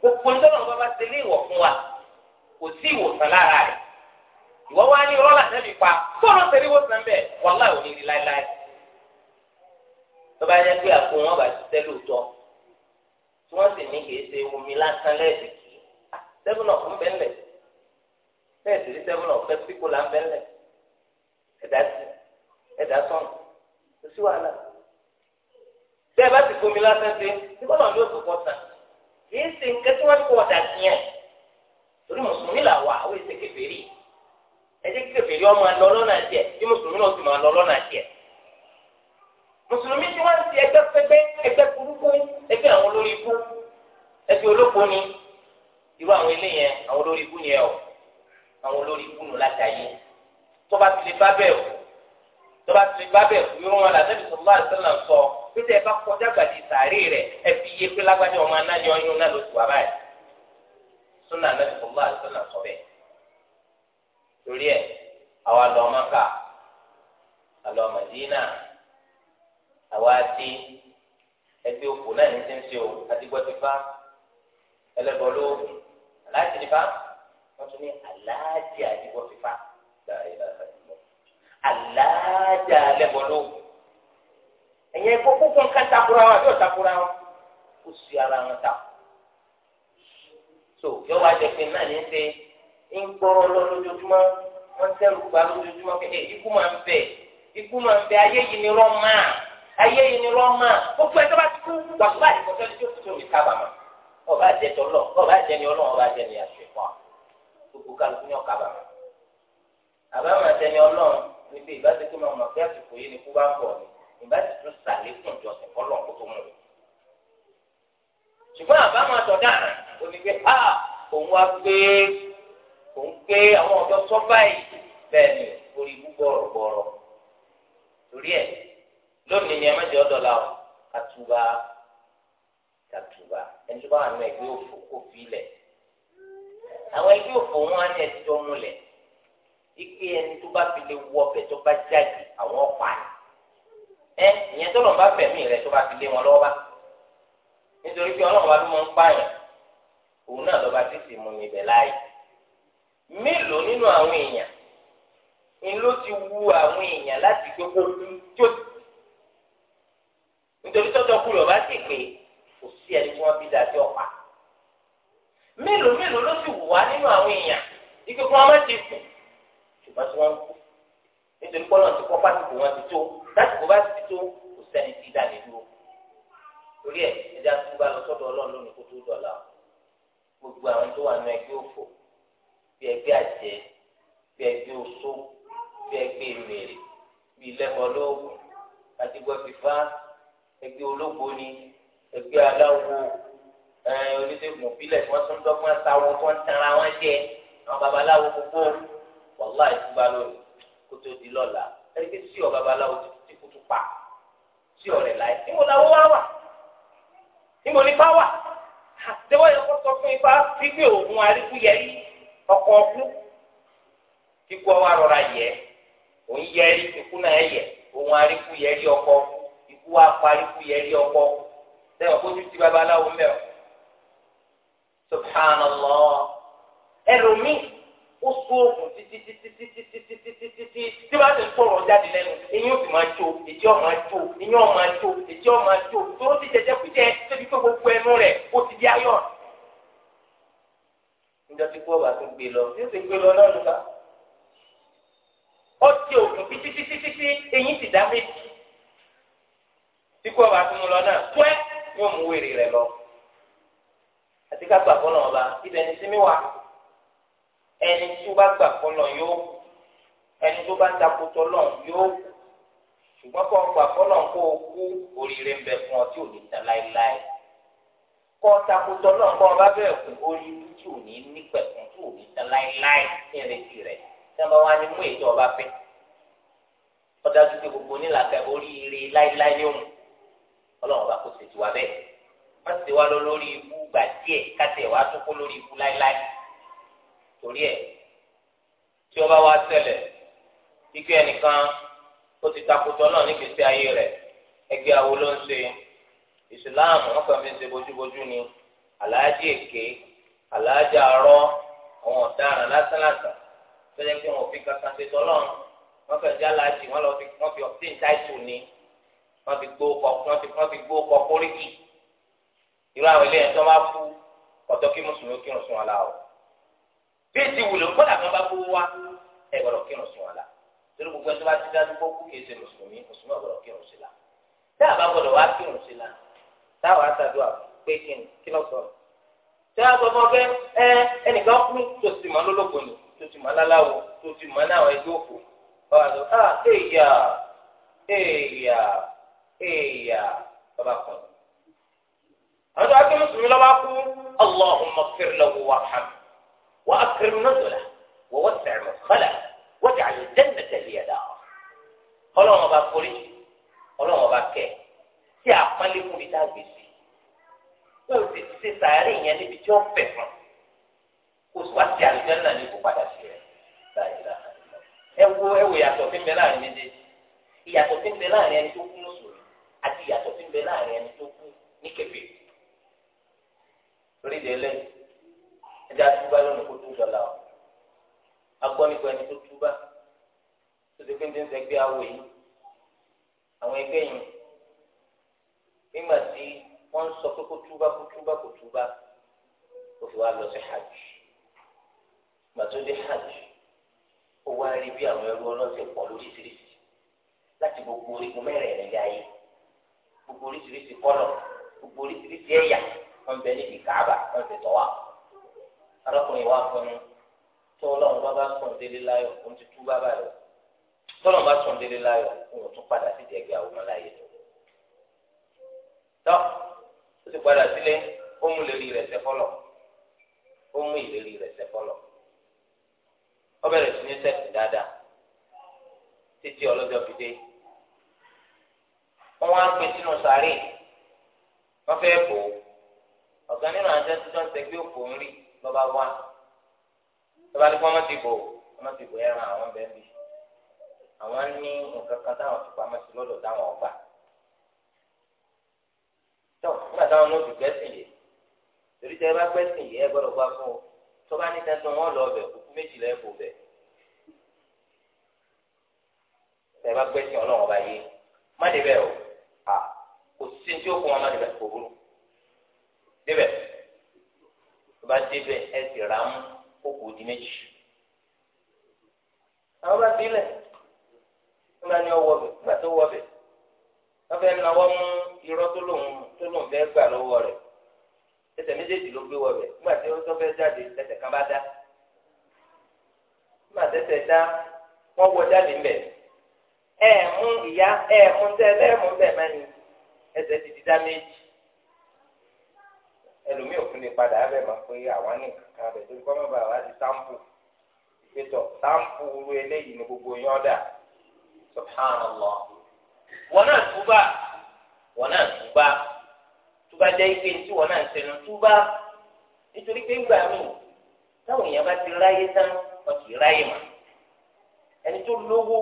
gbogbo ńlọrọ̀ bàbá ti lé ìwọ̀ fún wa kò sí ìwòsàn lára rẹ̀ ìwọ wá ní rọ́lá ànábì pa fọ́nrán tẹ̀lé ìwòsàn bẹ́ẹ̀ wàhálà ò ní rí láéláé. bàbá yẹn pé àpò wọn bá ti tẹ́ lóòótọ́ tí wọ́n sì ní kìí ṣe omi lásán lẹ́ẹ̀dì ah, sẹ́fúnà fún bẹ́ńlẹ̀ bẹ́ẹ̀ sì rí sẹ́fúnà fẹ́ síkò lá ẹ̀dá sí ẹ̀dá sọ̀nù kò sí wàhálà. bẹ́ẹ̀ bá ti fomi lásán ṣe tí wọ́n náà yóò tó kọ́ sàn kì í ṣe nǹkan tí wọ́n kọ́ ọ̀dà sí yẹn torí mùsùlùmí là wà àwọn èsì kèfèrí ẹ jẹ́ kí kèfèrí ọmọ lọ lọ́nà tiẹ̀ bí mùsùlùmí náà sì máa lọ lọ́nà tiẹ̀ mùsùlùmí tí wọ́n ti ẹgbẹ́ pẹ́pẹ́ ẹgbẹ́ burúkú ẹgbẹ́ àwọn olórí ikú ẹgbẹ́ olóko ni irú àwọn eléyẹn àwọn olórí ikú ni ẹ o àwọn olórí ikú nù látàyè tó bá ti lè bá bẹ́ẹ̀ o tó bá ti lè bá bẹ́ẹ̀ o irun wọn là nẹ́bí sọ̀rọ̀ láti sẹ́lẹ̀ sọ pé tẹ́ ẹ bá kọjá gbàdì sàárè rẹ̀ ẹ fi yé pé lágbájá ọmọ anáyọ ọyún náà ló ti wà báyìí súnà nẹ́bí sọ̀rọ̀ láti sẹ́lẹ̀ sọ bẹ́ẹ̀ torí ẹ̀ àwa lọ Mákà àlọ Mádínà àwa ti ẹgbẹ́ òkú náà ní sẹ́ńsẹ́ o àdìgbò ti fa ẹlẹ́bọ̀ lóògùn aláàjì ti fa wọ́n tún ní aláàjì àdìgbò ti fa aláàjà lẹ́bọ̀ ló ẹ̀yẹ kókó kan ká takura wọn àbí ọ̀takura wọn kó sí ara wọn ta so yọ wá jẹ pé náà ní ṣe ń gbọ́rọ̀ lọ lójoojúmọ́ wọ́n sẹ́rù gba lójoojúmọ́ pé ẹ̀ ikú máa ń bẹ̀ ikú máa ń bẹ̀ ayé yìí ni rọ́ọ̀ máa ayé yìí ni rọ́ọ̀ máa gbogbo ẹ̀ tó bá ti kú gbàgbọ́ àdìgbọ́sọ́ ni tó tó mi kábàámọ̀ ọba àjẹtọ lọ ọba àjẹni ọlọ́run ọba àjẹni àṣepọ gbogbo kálukú ní ọkàbàmọ ní pé ìbá ti pé màmá bí àsìkò yìí ni kú bá bọ̀ ni ìbá ti tún sàlékún ìjọsìn kọ́lọ̀ kó tó mú mi. ṣùgbọ́n àbá máa tọ̀ dára ó ní pé a òun wá pé òun pé àwọn ọ̀dọ́ sọ báyìí bẹ́ẹ̀ ni orí ibú gbọ̀rọ̀gbọ̀rọ̀ torí ẹ̀ lónìí ni ẹ má jẹ́ ọ̀dọ̀ la ọ̀ kàtúbà kàtúbà ẹni tó bá wà nínú ẹgbẹ́ òfò kò fi ilẹ̀ àwọn ẹgbẹ́ òfò wọn á ní ẹtijọ́ múlẹ̀ ìpè ẹni tó bá fi lè wọ ọbẹ̀ tó bá jáde àwọn ọ̀pá ẹ ìyẹn tó lọ́n bá fẹ̀mí rẹ̀ tó bá fi lé wọn lọ́wọ́ bá nítorí pé ọlọ́run bá ló máa ń pààyàn òun náà lọ́ba tí sì mú níbẹ̀ láàyè mélòó nínú àwọn èèyàn ń ló ti wu àwọn èèyàn láti gbé kókú tó nítorí tọ́jọ́ kú lọ́ba sì pé kò sí ẹni tí wọ́n bí dájọ́ pa mélòó mélòó ló sì wù wá nínú àwọn èèyàn ìgbé kí wọ́n má ti kù ṣùgbọ́n tí wọ́n kú nítorí pọ́lọ́ ti kọ́ pásìkò wọn ti tó lásìkò bá ti tó kò sẹ́ni tí dá lè dúró torí ẹ̀ ẹ̀dá tó bá lọ sọ́dọ̀ ọlọ́run lónìí kó tó dọ̀la gbogbo àwọn tó wà nínú ẹgbẹ́ òfò bí ẹgbẹ́ àjẹ́ bí ẹgbẹ́ oṣó bí ẹgbẹ́ ìmèrè bí ilẹ̀kọ̀ lóògùn àtìgbọ́ fífa ẹgbẹ́ ológbóni ẹgbẹ́ aláwo oníṣègùn òbílẹ̀ tí wọ́n tún dọ́gbọ́n sáwọ́ tí wọ́n tẹ̀ra wọn jẹ àwọn babaláwo gbogbo wàláì fún bá lónìí kó tó di lọ́la ẹni pé sí ọ babaláwo ti kú pa sí ọ̀rẹ́ láì níbo làwọn wá wà níbo ní wà àtẹwọ́ yẹ kó sọ fún ifá fífi òògùn arígbúyẹ yìí ọkọ̀ ọkú kíkú ọwọ́ arọra yẹ òun yẹ ikú náà yẹ òun ọkọ̀ ikú wa pa ọkọ̀ sẹ́wọ̀n kó babaláwo subhanallah ẹlòmíì. ó sóògùn títí títí títí títí títí títí tí bá ti ń sọ̀rọ̀ jáde lẹ́nu eyín ó sì máa tó èjì ọ̀ máa tó eyín ọ̀ máa tó èjì ọ̀ máa tó tó ti jẹjẹ kújẹ tóbi pé gbogbo ẹnu rẹ̀ ó ti di ayọ̀. níjọ́ tí kúrò bá tún gbé lọ yóò ti gbé lọ náà lùkà. ó ti òògùn títí títí títí eyín ti dá méjì. tí kúrò bá tún mu lọ náà pẹ́ yóò mú wèrè rẹ̀ lọ. àti ká gbà fọ́nà ọba ibẹ̀ ni sinmi wà ẹni tí ó bá gbà fọlọ yóò kú ẹni tó bá takotọ lọ yóò kú ṣùgbọ́n kọ́ gbà fọlọ kó o kú oríire ń bẹ fún ọ tí ò ní ta láéláé kọ́ takotọ lọ kọ́ ọba bẹ́ẹ̀ kú orí tí ò ní ní pẹ̀kún tí ò ní ta láéláé ní ìrètí rẹ̀ tí wọ́n bá wá ní mú èyí tó ọba fẹ́ ọdájú pé gbogbo onílàkà oríire láéláé ní òun ọlọ́run bá kó ṣètìwá bẹ́ẹ̀ wọ́n ti wá lọ lórí ikú gbà díẹ̀ kátẹ̀ wá tó kó lórí ikú láéláé torí ẹ̀ tí ó bá wá ṣẹlẹ̀ ike ẹnìkan ó ti takùtọ náà nígbèsè ayé rẹ̀ ẹgbẹ́ awo ló ń ṣe ìsìláàmù wọn kàn fi ń ṣe bójúbójú ni aláàjì èké aláàjì arọ àwọn ọ̀daràn lásánlásán tọ́jà pé wọn ò fi kankan ṣe tọ́lọ́ wọn fẹ́ já aláàjì wọn lọ fi wọn fi ọtí táìtù ni wọn fi gbó kọ wọn fi wọn fi gbó kọ kórìkì irú àwọn eléyìí tó bá kú ọ̀tọ̀ kí mùsùlùmí kírun sún wọn bẹ́ẹ̀ ti wùlò kó làwọn bá gbowó wa ẹ gbọ́dọ̀ kírun sí wọn la torí gbogbo ẹni tó bá ti dá kú kìí ṣe mùsùlùmí mùsùlùmí sí la tá a bá gbọ́dọ̀ wá kírun sí la tá a wà pé kí ni kí lọ a sọ fún ọ pé ẹ ẹnìkan kú tó ti mọ ni tó ti mọ tó ti mọ náà وأكرم نزله ووسع مدخله واجعل الجنة هي داره ọlọ́run ọba forí ọlọ́run ọba kẹ tí àpọ́nlé fún mi dágbé sí kó o sì ti sàárè yẹn níbi tí ó fẹ̀ fún kó o sì wá sí àlùjànnà ní kó padà sí rẹ̀ ẹ wo ẹ wo ìyàtọ̀ tí ń bẹ láàrin méjèèjì ìyàtọ̀ tí ń bẹ láàrin ẹni tó kú lóṣòro àti ìyàtọ̀ tí ń bẹ láàrin ẹni tó kú ní kẹfẹ́ lórí ìdẹ́lẹ́yìn ẹja tuba lónìí kó tó dọ̀là o agbọ́ nípa ẹni tó túbá tó ti pé ní ẹgbẹ́ awo yìí àwọn ẹgbẹ́ yìí nígbà tí wọ́n ń sọ pé kó túbá kó túbá kó túbá kó fi wá lọ sí hajj gbà tó dé hajj ó wá rí bí àwọn ẹrú ọlọ́sẹ̀ pọ̀ lóríṣiríṣi láti gbogbo orígun mẹ́rẹ̀ẹ̀rin lé ayé gbogbo oríṣiríṣi kọ́lọ̀ gbogbo oríṣiríṣi ẹ̀yà wọ́n bẹ níbi kàába wọ́n ti tọ́wọ́ àwọn arákùnrin wa fọnù tọ́lọ́run bá bá sùn délé láyọ̀ òun ti tú bá báyọ̀ tọ́lọ́run bá sùn délé láyọ̀ òun tún padà sí ìdẹ́gbẹ́ àwọn ọmọláyé tó. tọ́ ó ti padà sílé ó mú ìlérí rẹ̀ sẹ́fọ́lọ̀ ó mú ìlérí rẹ̀ sẹ́fọ́lọ̀ ó bẹ̀rẹ̀ sí ní sẹ́ẹ̀sì dáadáa títí ọlọ́jọ́ fi dé wọ́n wá ń pè sínú sàárè wọ́n fẹ́ bò ọ̀gá nínú àjọ tó ń tẹgbẹ́ òkò ń rí lọ́ba wá lọ́ba ní kí wọ́n má dìbò wọ́n má dìbò ẹran àwọn bẹ́ẹ̀ bì àwọn ní nǹkan kan táwọn ti pamọ́ sí lọ́dọ̀ táwọn ọgbà tó nígbà táwọn náà ti gbẹ́sìn yìí torí tẹ́ ẹ bá gbẹ́sìn yìí ẹ gbọ́dọ̀ gbá fún o tó ní wọn lọ méjìlá ẹ bá tó bá débẹ̀ ẹ sì rà mú kókò di méjì. àwọn bá sílẹ̀ wọ́n bá ní ọwọ́ bẹ̀ nígbà tó wọ́ bẹ̀ wọ́n fẹ́ náwó mú irọ́ tó lòun tó lòun fẹ́ gbà lọ́wọ́ rẹ̀ ẹsẹ̀ méjèèjì ló gbé wọ́ bẹ̀ nígbà tí ó tó fẹ́ jáde ẹsẹ̀ kan bá dá nígbà tẹ́sẹ̀ dá wọ́n wọ jáde ńbẹ̀ ẹ̀ mú ìyá ẹ̀ mú tẹ́ ẹ̀ mú bẹ̀ mẹ́ni ẹsẹ̀ ti di dá méjì ẹlòmíì òfin lè padà abẹ máa pé àwọn ní kankan abẹ tó kọ́ mọ́ba àwa ti sáǹpù ìpètọ̀ sáǹpù ru eléyìí ní gbogbo yín ọ̀dà subhanallah wọn náà túbà wọn náà túbà túbà jẹ́ ike tí wọn náà sẹnu túbà nítorí pé gbà mí táwọn èèyàn bá ti ráyé tán wọn kì í ráyé mọ́ ẹni tó lówó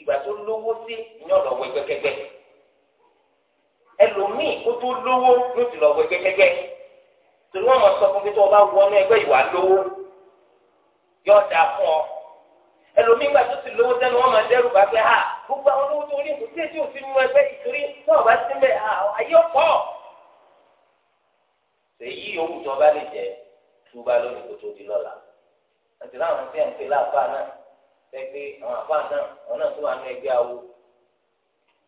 ìgbà tó lówó sí ìyẹn ọ̀lọ́wọ́ ẹgbẹ́kẹ́gbẹ́ ẹlòmíì kó tó lówó ló ti lọ wọ ẹgbẹkẹgbẹ torí wọn mọ sọ fún mi tó o bá wọnú ẹgbẹ́ ìwà lówó yóò dáa fún ọ ẹlòmígbà tó ti lówó sẹ́nu wọn máa dẹ́rù bá pé ha gbogbo àwọn olówó tó rí kò sí èsì òfin mú ẹgbẹ́ ìtòrí tó o bá sí mẹ ayé ọ̀pọ̀ èyí òun tó o bá lè jẹ tó o bá lónìí kó tó di lọ́la àti láwọn tí a ń pè láàbà náà fẹ́ pé àwọn àbá náà àwọn náà tó wà ní ẹgbẹ́ awo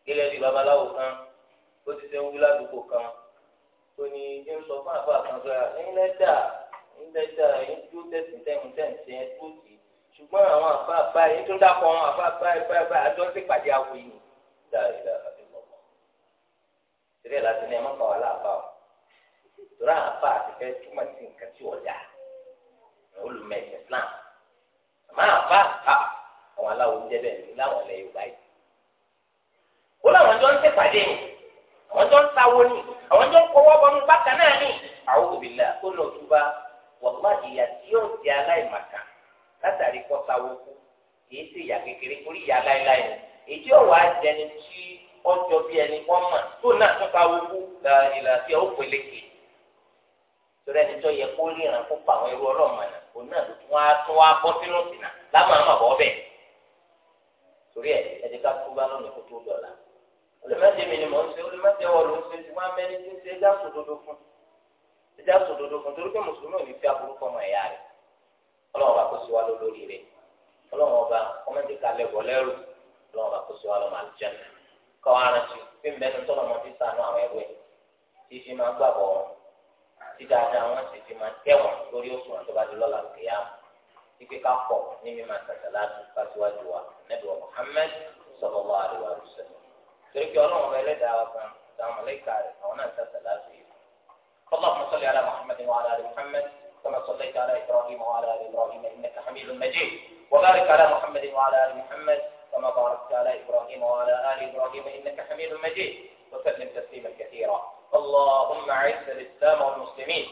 gẹ́lẹ́ bí babaláwo kan ó ti ṣe ń wí kan tó ní ṣe ń sọ fún àbá àkànṣe ẹ̀yin lẹ́dà ẹ̀yin lẹ́dà ẹ̀yin tí ó tẹ̀sí tẹ̀mí tẹ̀sí ẹ̀ tó jì ṣùgbọ́n àwọn àbá àbá ẹ̀yin tó dákọ̀ àwọn àbá àbá ẹ̀bá ẹ̀bá àjọ sí pàdé àwọ̀ yìí dáadáa ìrẹ́ láti ní ẹ̀ mọ́kàn wà láàbà o ìtura àbá àti fẹ́ túmọ̀ sí nǹkan tí ò dáa olùmẹ̀sìn Islam àmọ́ àbá àbá àwọn aláwo ń jẹ́ bẹ́ẹ̀ ní láwọn ilẹ̀ Yorùbá àwọn tó ń sawo ni àwọn tó ń kọwọ́ bọ́nu bákan náà ni àwọn òbílẹ̀ kó lọ túbà wàhálà ìyà tí yóò di aláìmàkà látàrí kọ́ sawo kú kìí sì ìyà kékeré orí ìyà láéláé ni èyí ọ̀wà jẹni tí ọjọ́ bí ẹni wọ́n mọ̀ tó náà tó sawo kú ìlà tí ó peléke torí ẹni tó yẹ kó ríran kó pa àwọn irú ọlọ́mọ̀nà òun náà tó wá tó wá bọ́ sínú sínà lámàmà bọ́ bẹ́ẹ̀ torí ẹ ẹni ká tó lónìí kó tó dọ̀la olùmọ̀dé mi ni mò ń ṣe olùmọ̀dé wọ̀ ló ń ṣe ṣùgbọ́n amẹ́ni tí ń ṣe ẹja sòdodo fún ẹja sòdodo fún torí pé mùsùlùmí ò ní fi aburúkọ ọmọ ẹ̀yà rẹ̀ ọlọ́run bá kó sí wa lórí rẹ̀ ọlọ́run ọba kọ́mẹ́ntì kalẹ̀ bọ̀ lẹ́rù ọlọ́run bá kó sí wa lọ́mọ àlùjẹ́nà kọ́ arántí pé mẹ́nu tọ́lọ́ wọn fi sànú àwọn ẹgbẹ́ tí fi máa gbàgbọ́ wọn tí dáadáa wọn sì fi máa tẹ́ wọn lórí òṣùwọ̀n tó bá di lọ́la kìíyà ìpè ká pọ̀ ní mímọ́ àtàtà láti pàṣíwájú wa nẹ́bí wa Muhammad sallallahu alaihi wasallam torí pé ọlọ́run ọba ẹlẹ́dàá wa kan àtàwọn mọ̀lẹ́kà rẹ̀ àwọn náà اللهم صل على محمد وعلى ال محمد كما صليت على ابراهيم وعلى ال ابراهيم انك حميد مجيد وبارك على محمد وعلى ال محمد كما باركت على ابراهيم وعلى ال ابراهيم انك حميد مجيد وسلم تسليما كثيرا اللهم اعز الاسلام والمسلمين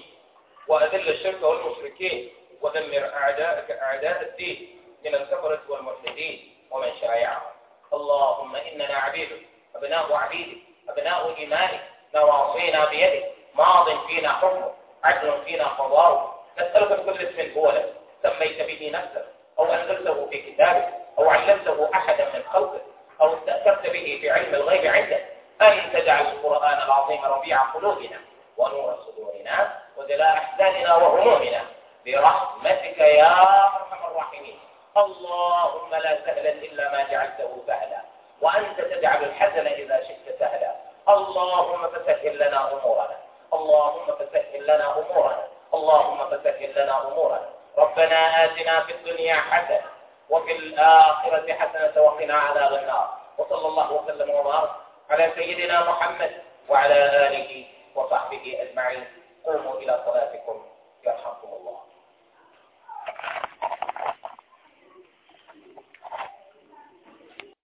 واذل الشرك والمشركين ودمر اعداءك اعداء الدين من الكفره والملحدين ومن شايعهم اللهم اننا عبيدك أبناء عبيدك أبناء إيمانك نواصينا بيدك ماض فينا حكمك عدل فينا قضاؤه نسألك بكل اسم هو لك سميت به نفسك أو أنزلته في كتابك أو علمته أحدا من خلقك أو استأثرت به في علم الغيب عندك أن تجعل القرآن العظيم ربيع قلوبنا ونور صدورنا وجلاء أحزاننا وهمومنا برحمتك يا أرحم الراحمين اللهم لا سهلا إلا ما جعلته سهلا وأنت تجعل الحزن إذا شئت سهلا اللهم فسهل لنا أمورنا اللهم فسهل لنا أمورنا اللهم فسهل لنا أمورنا ربنا آتنا في الدنيا حسنة وفي الآخرة حسنة وقنا عذاب النار وصلى الله وسلم وبارك على سيدنا محمد وعلى آله وصحبه أجمعين قوموا إلى صلاتكم يرحمكم الله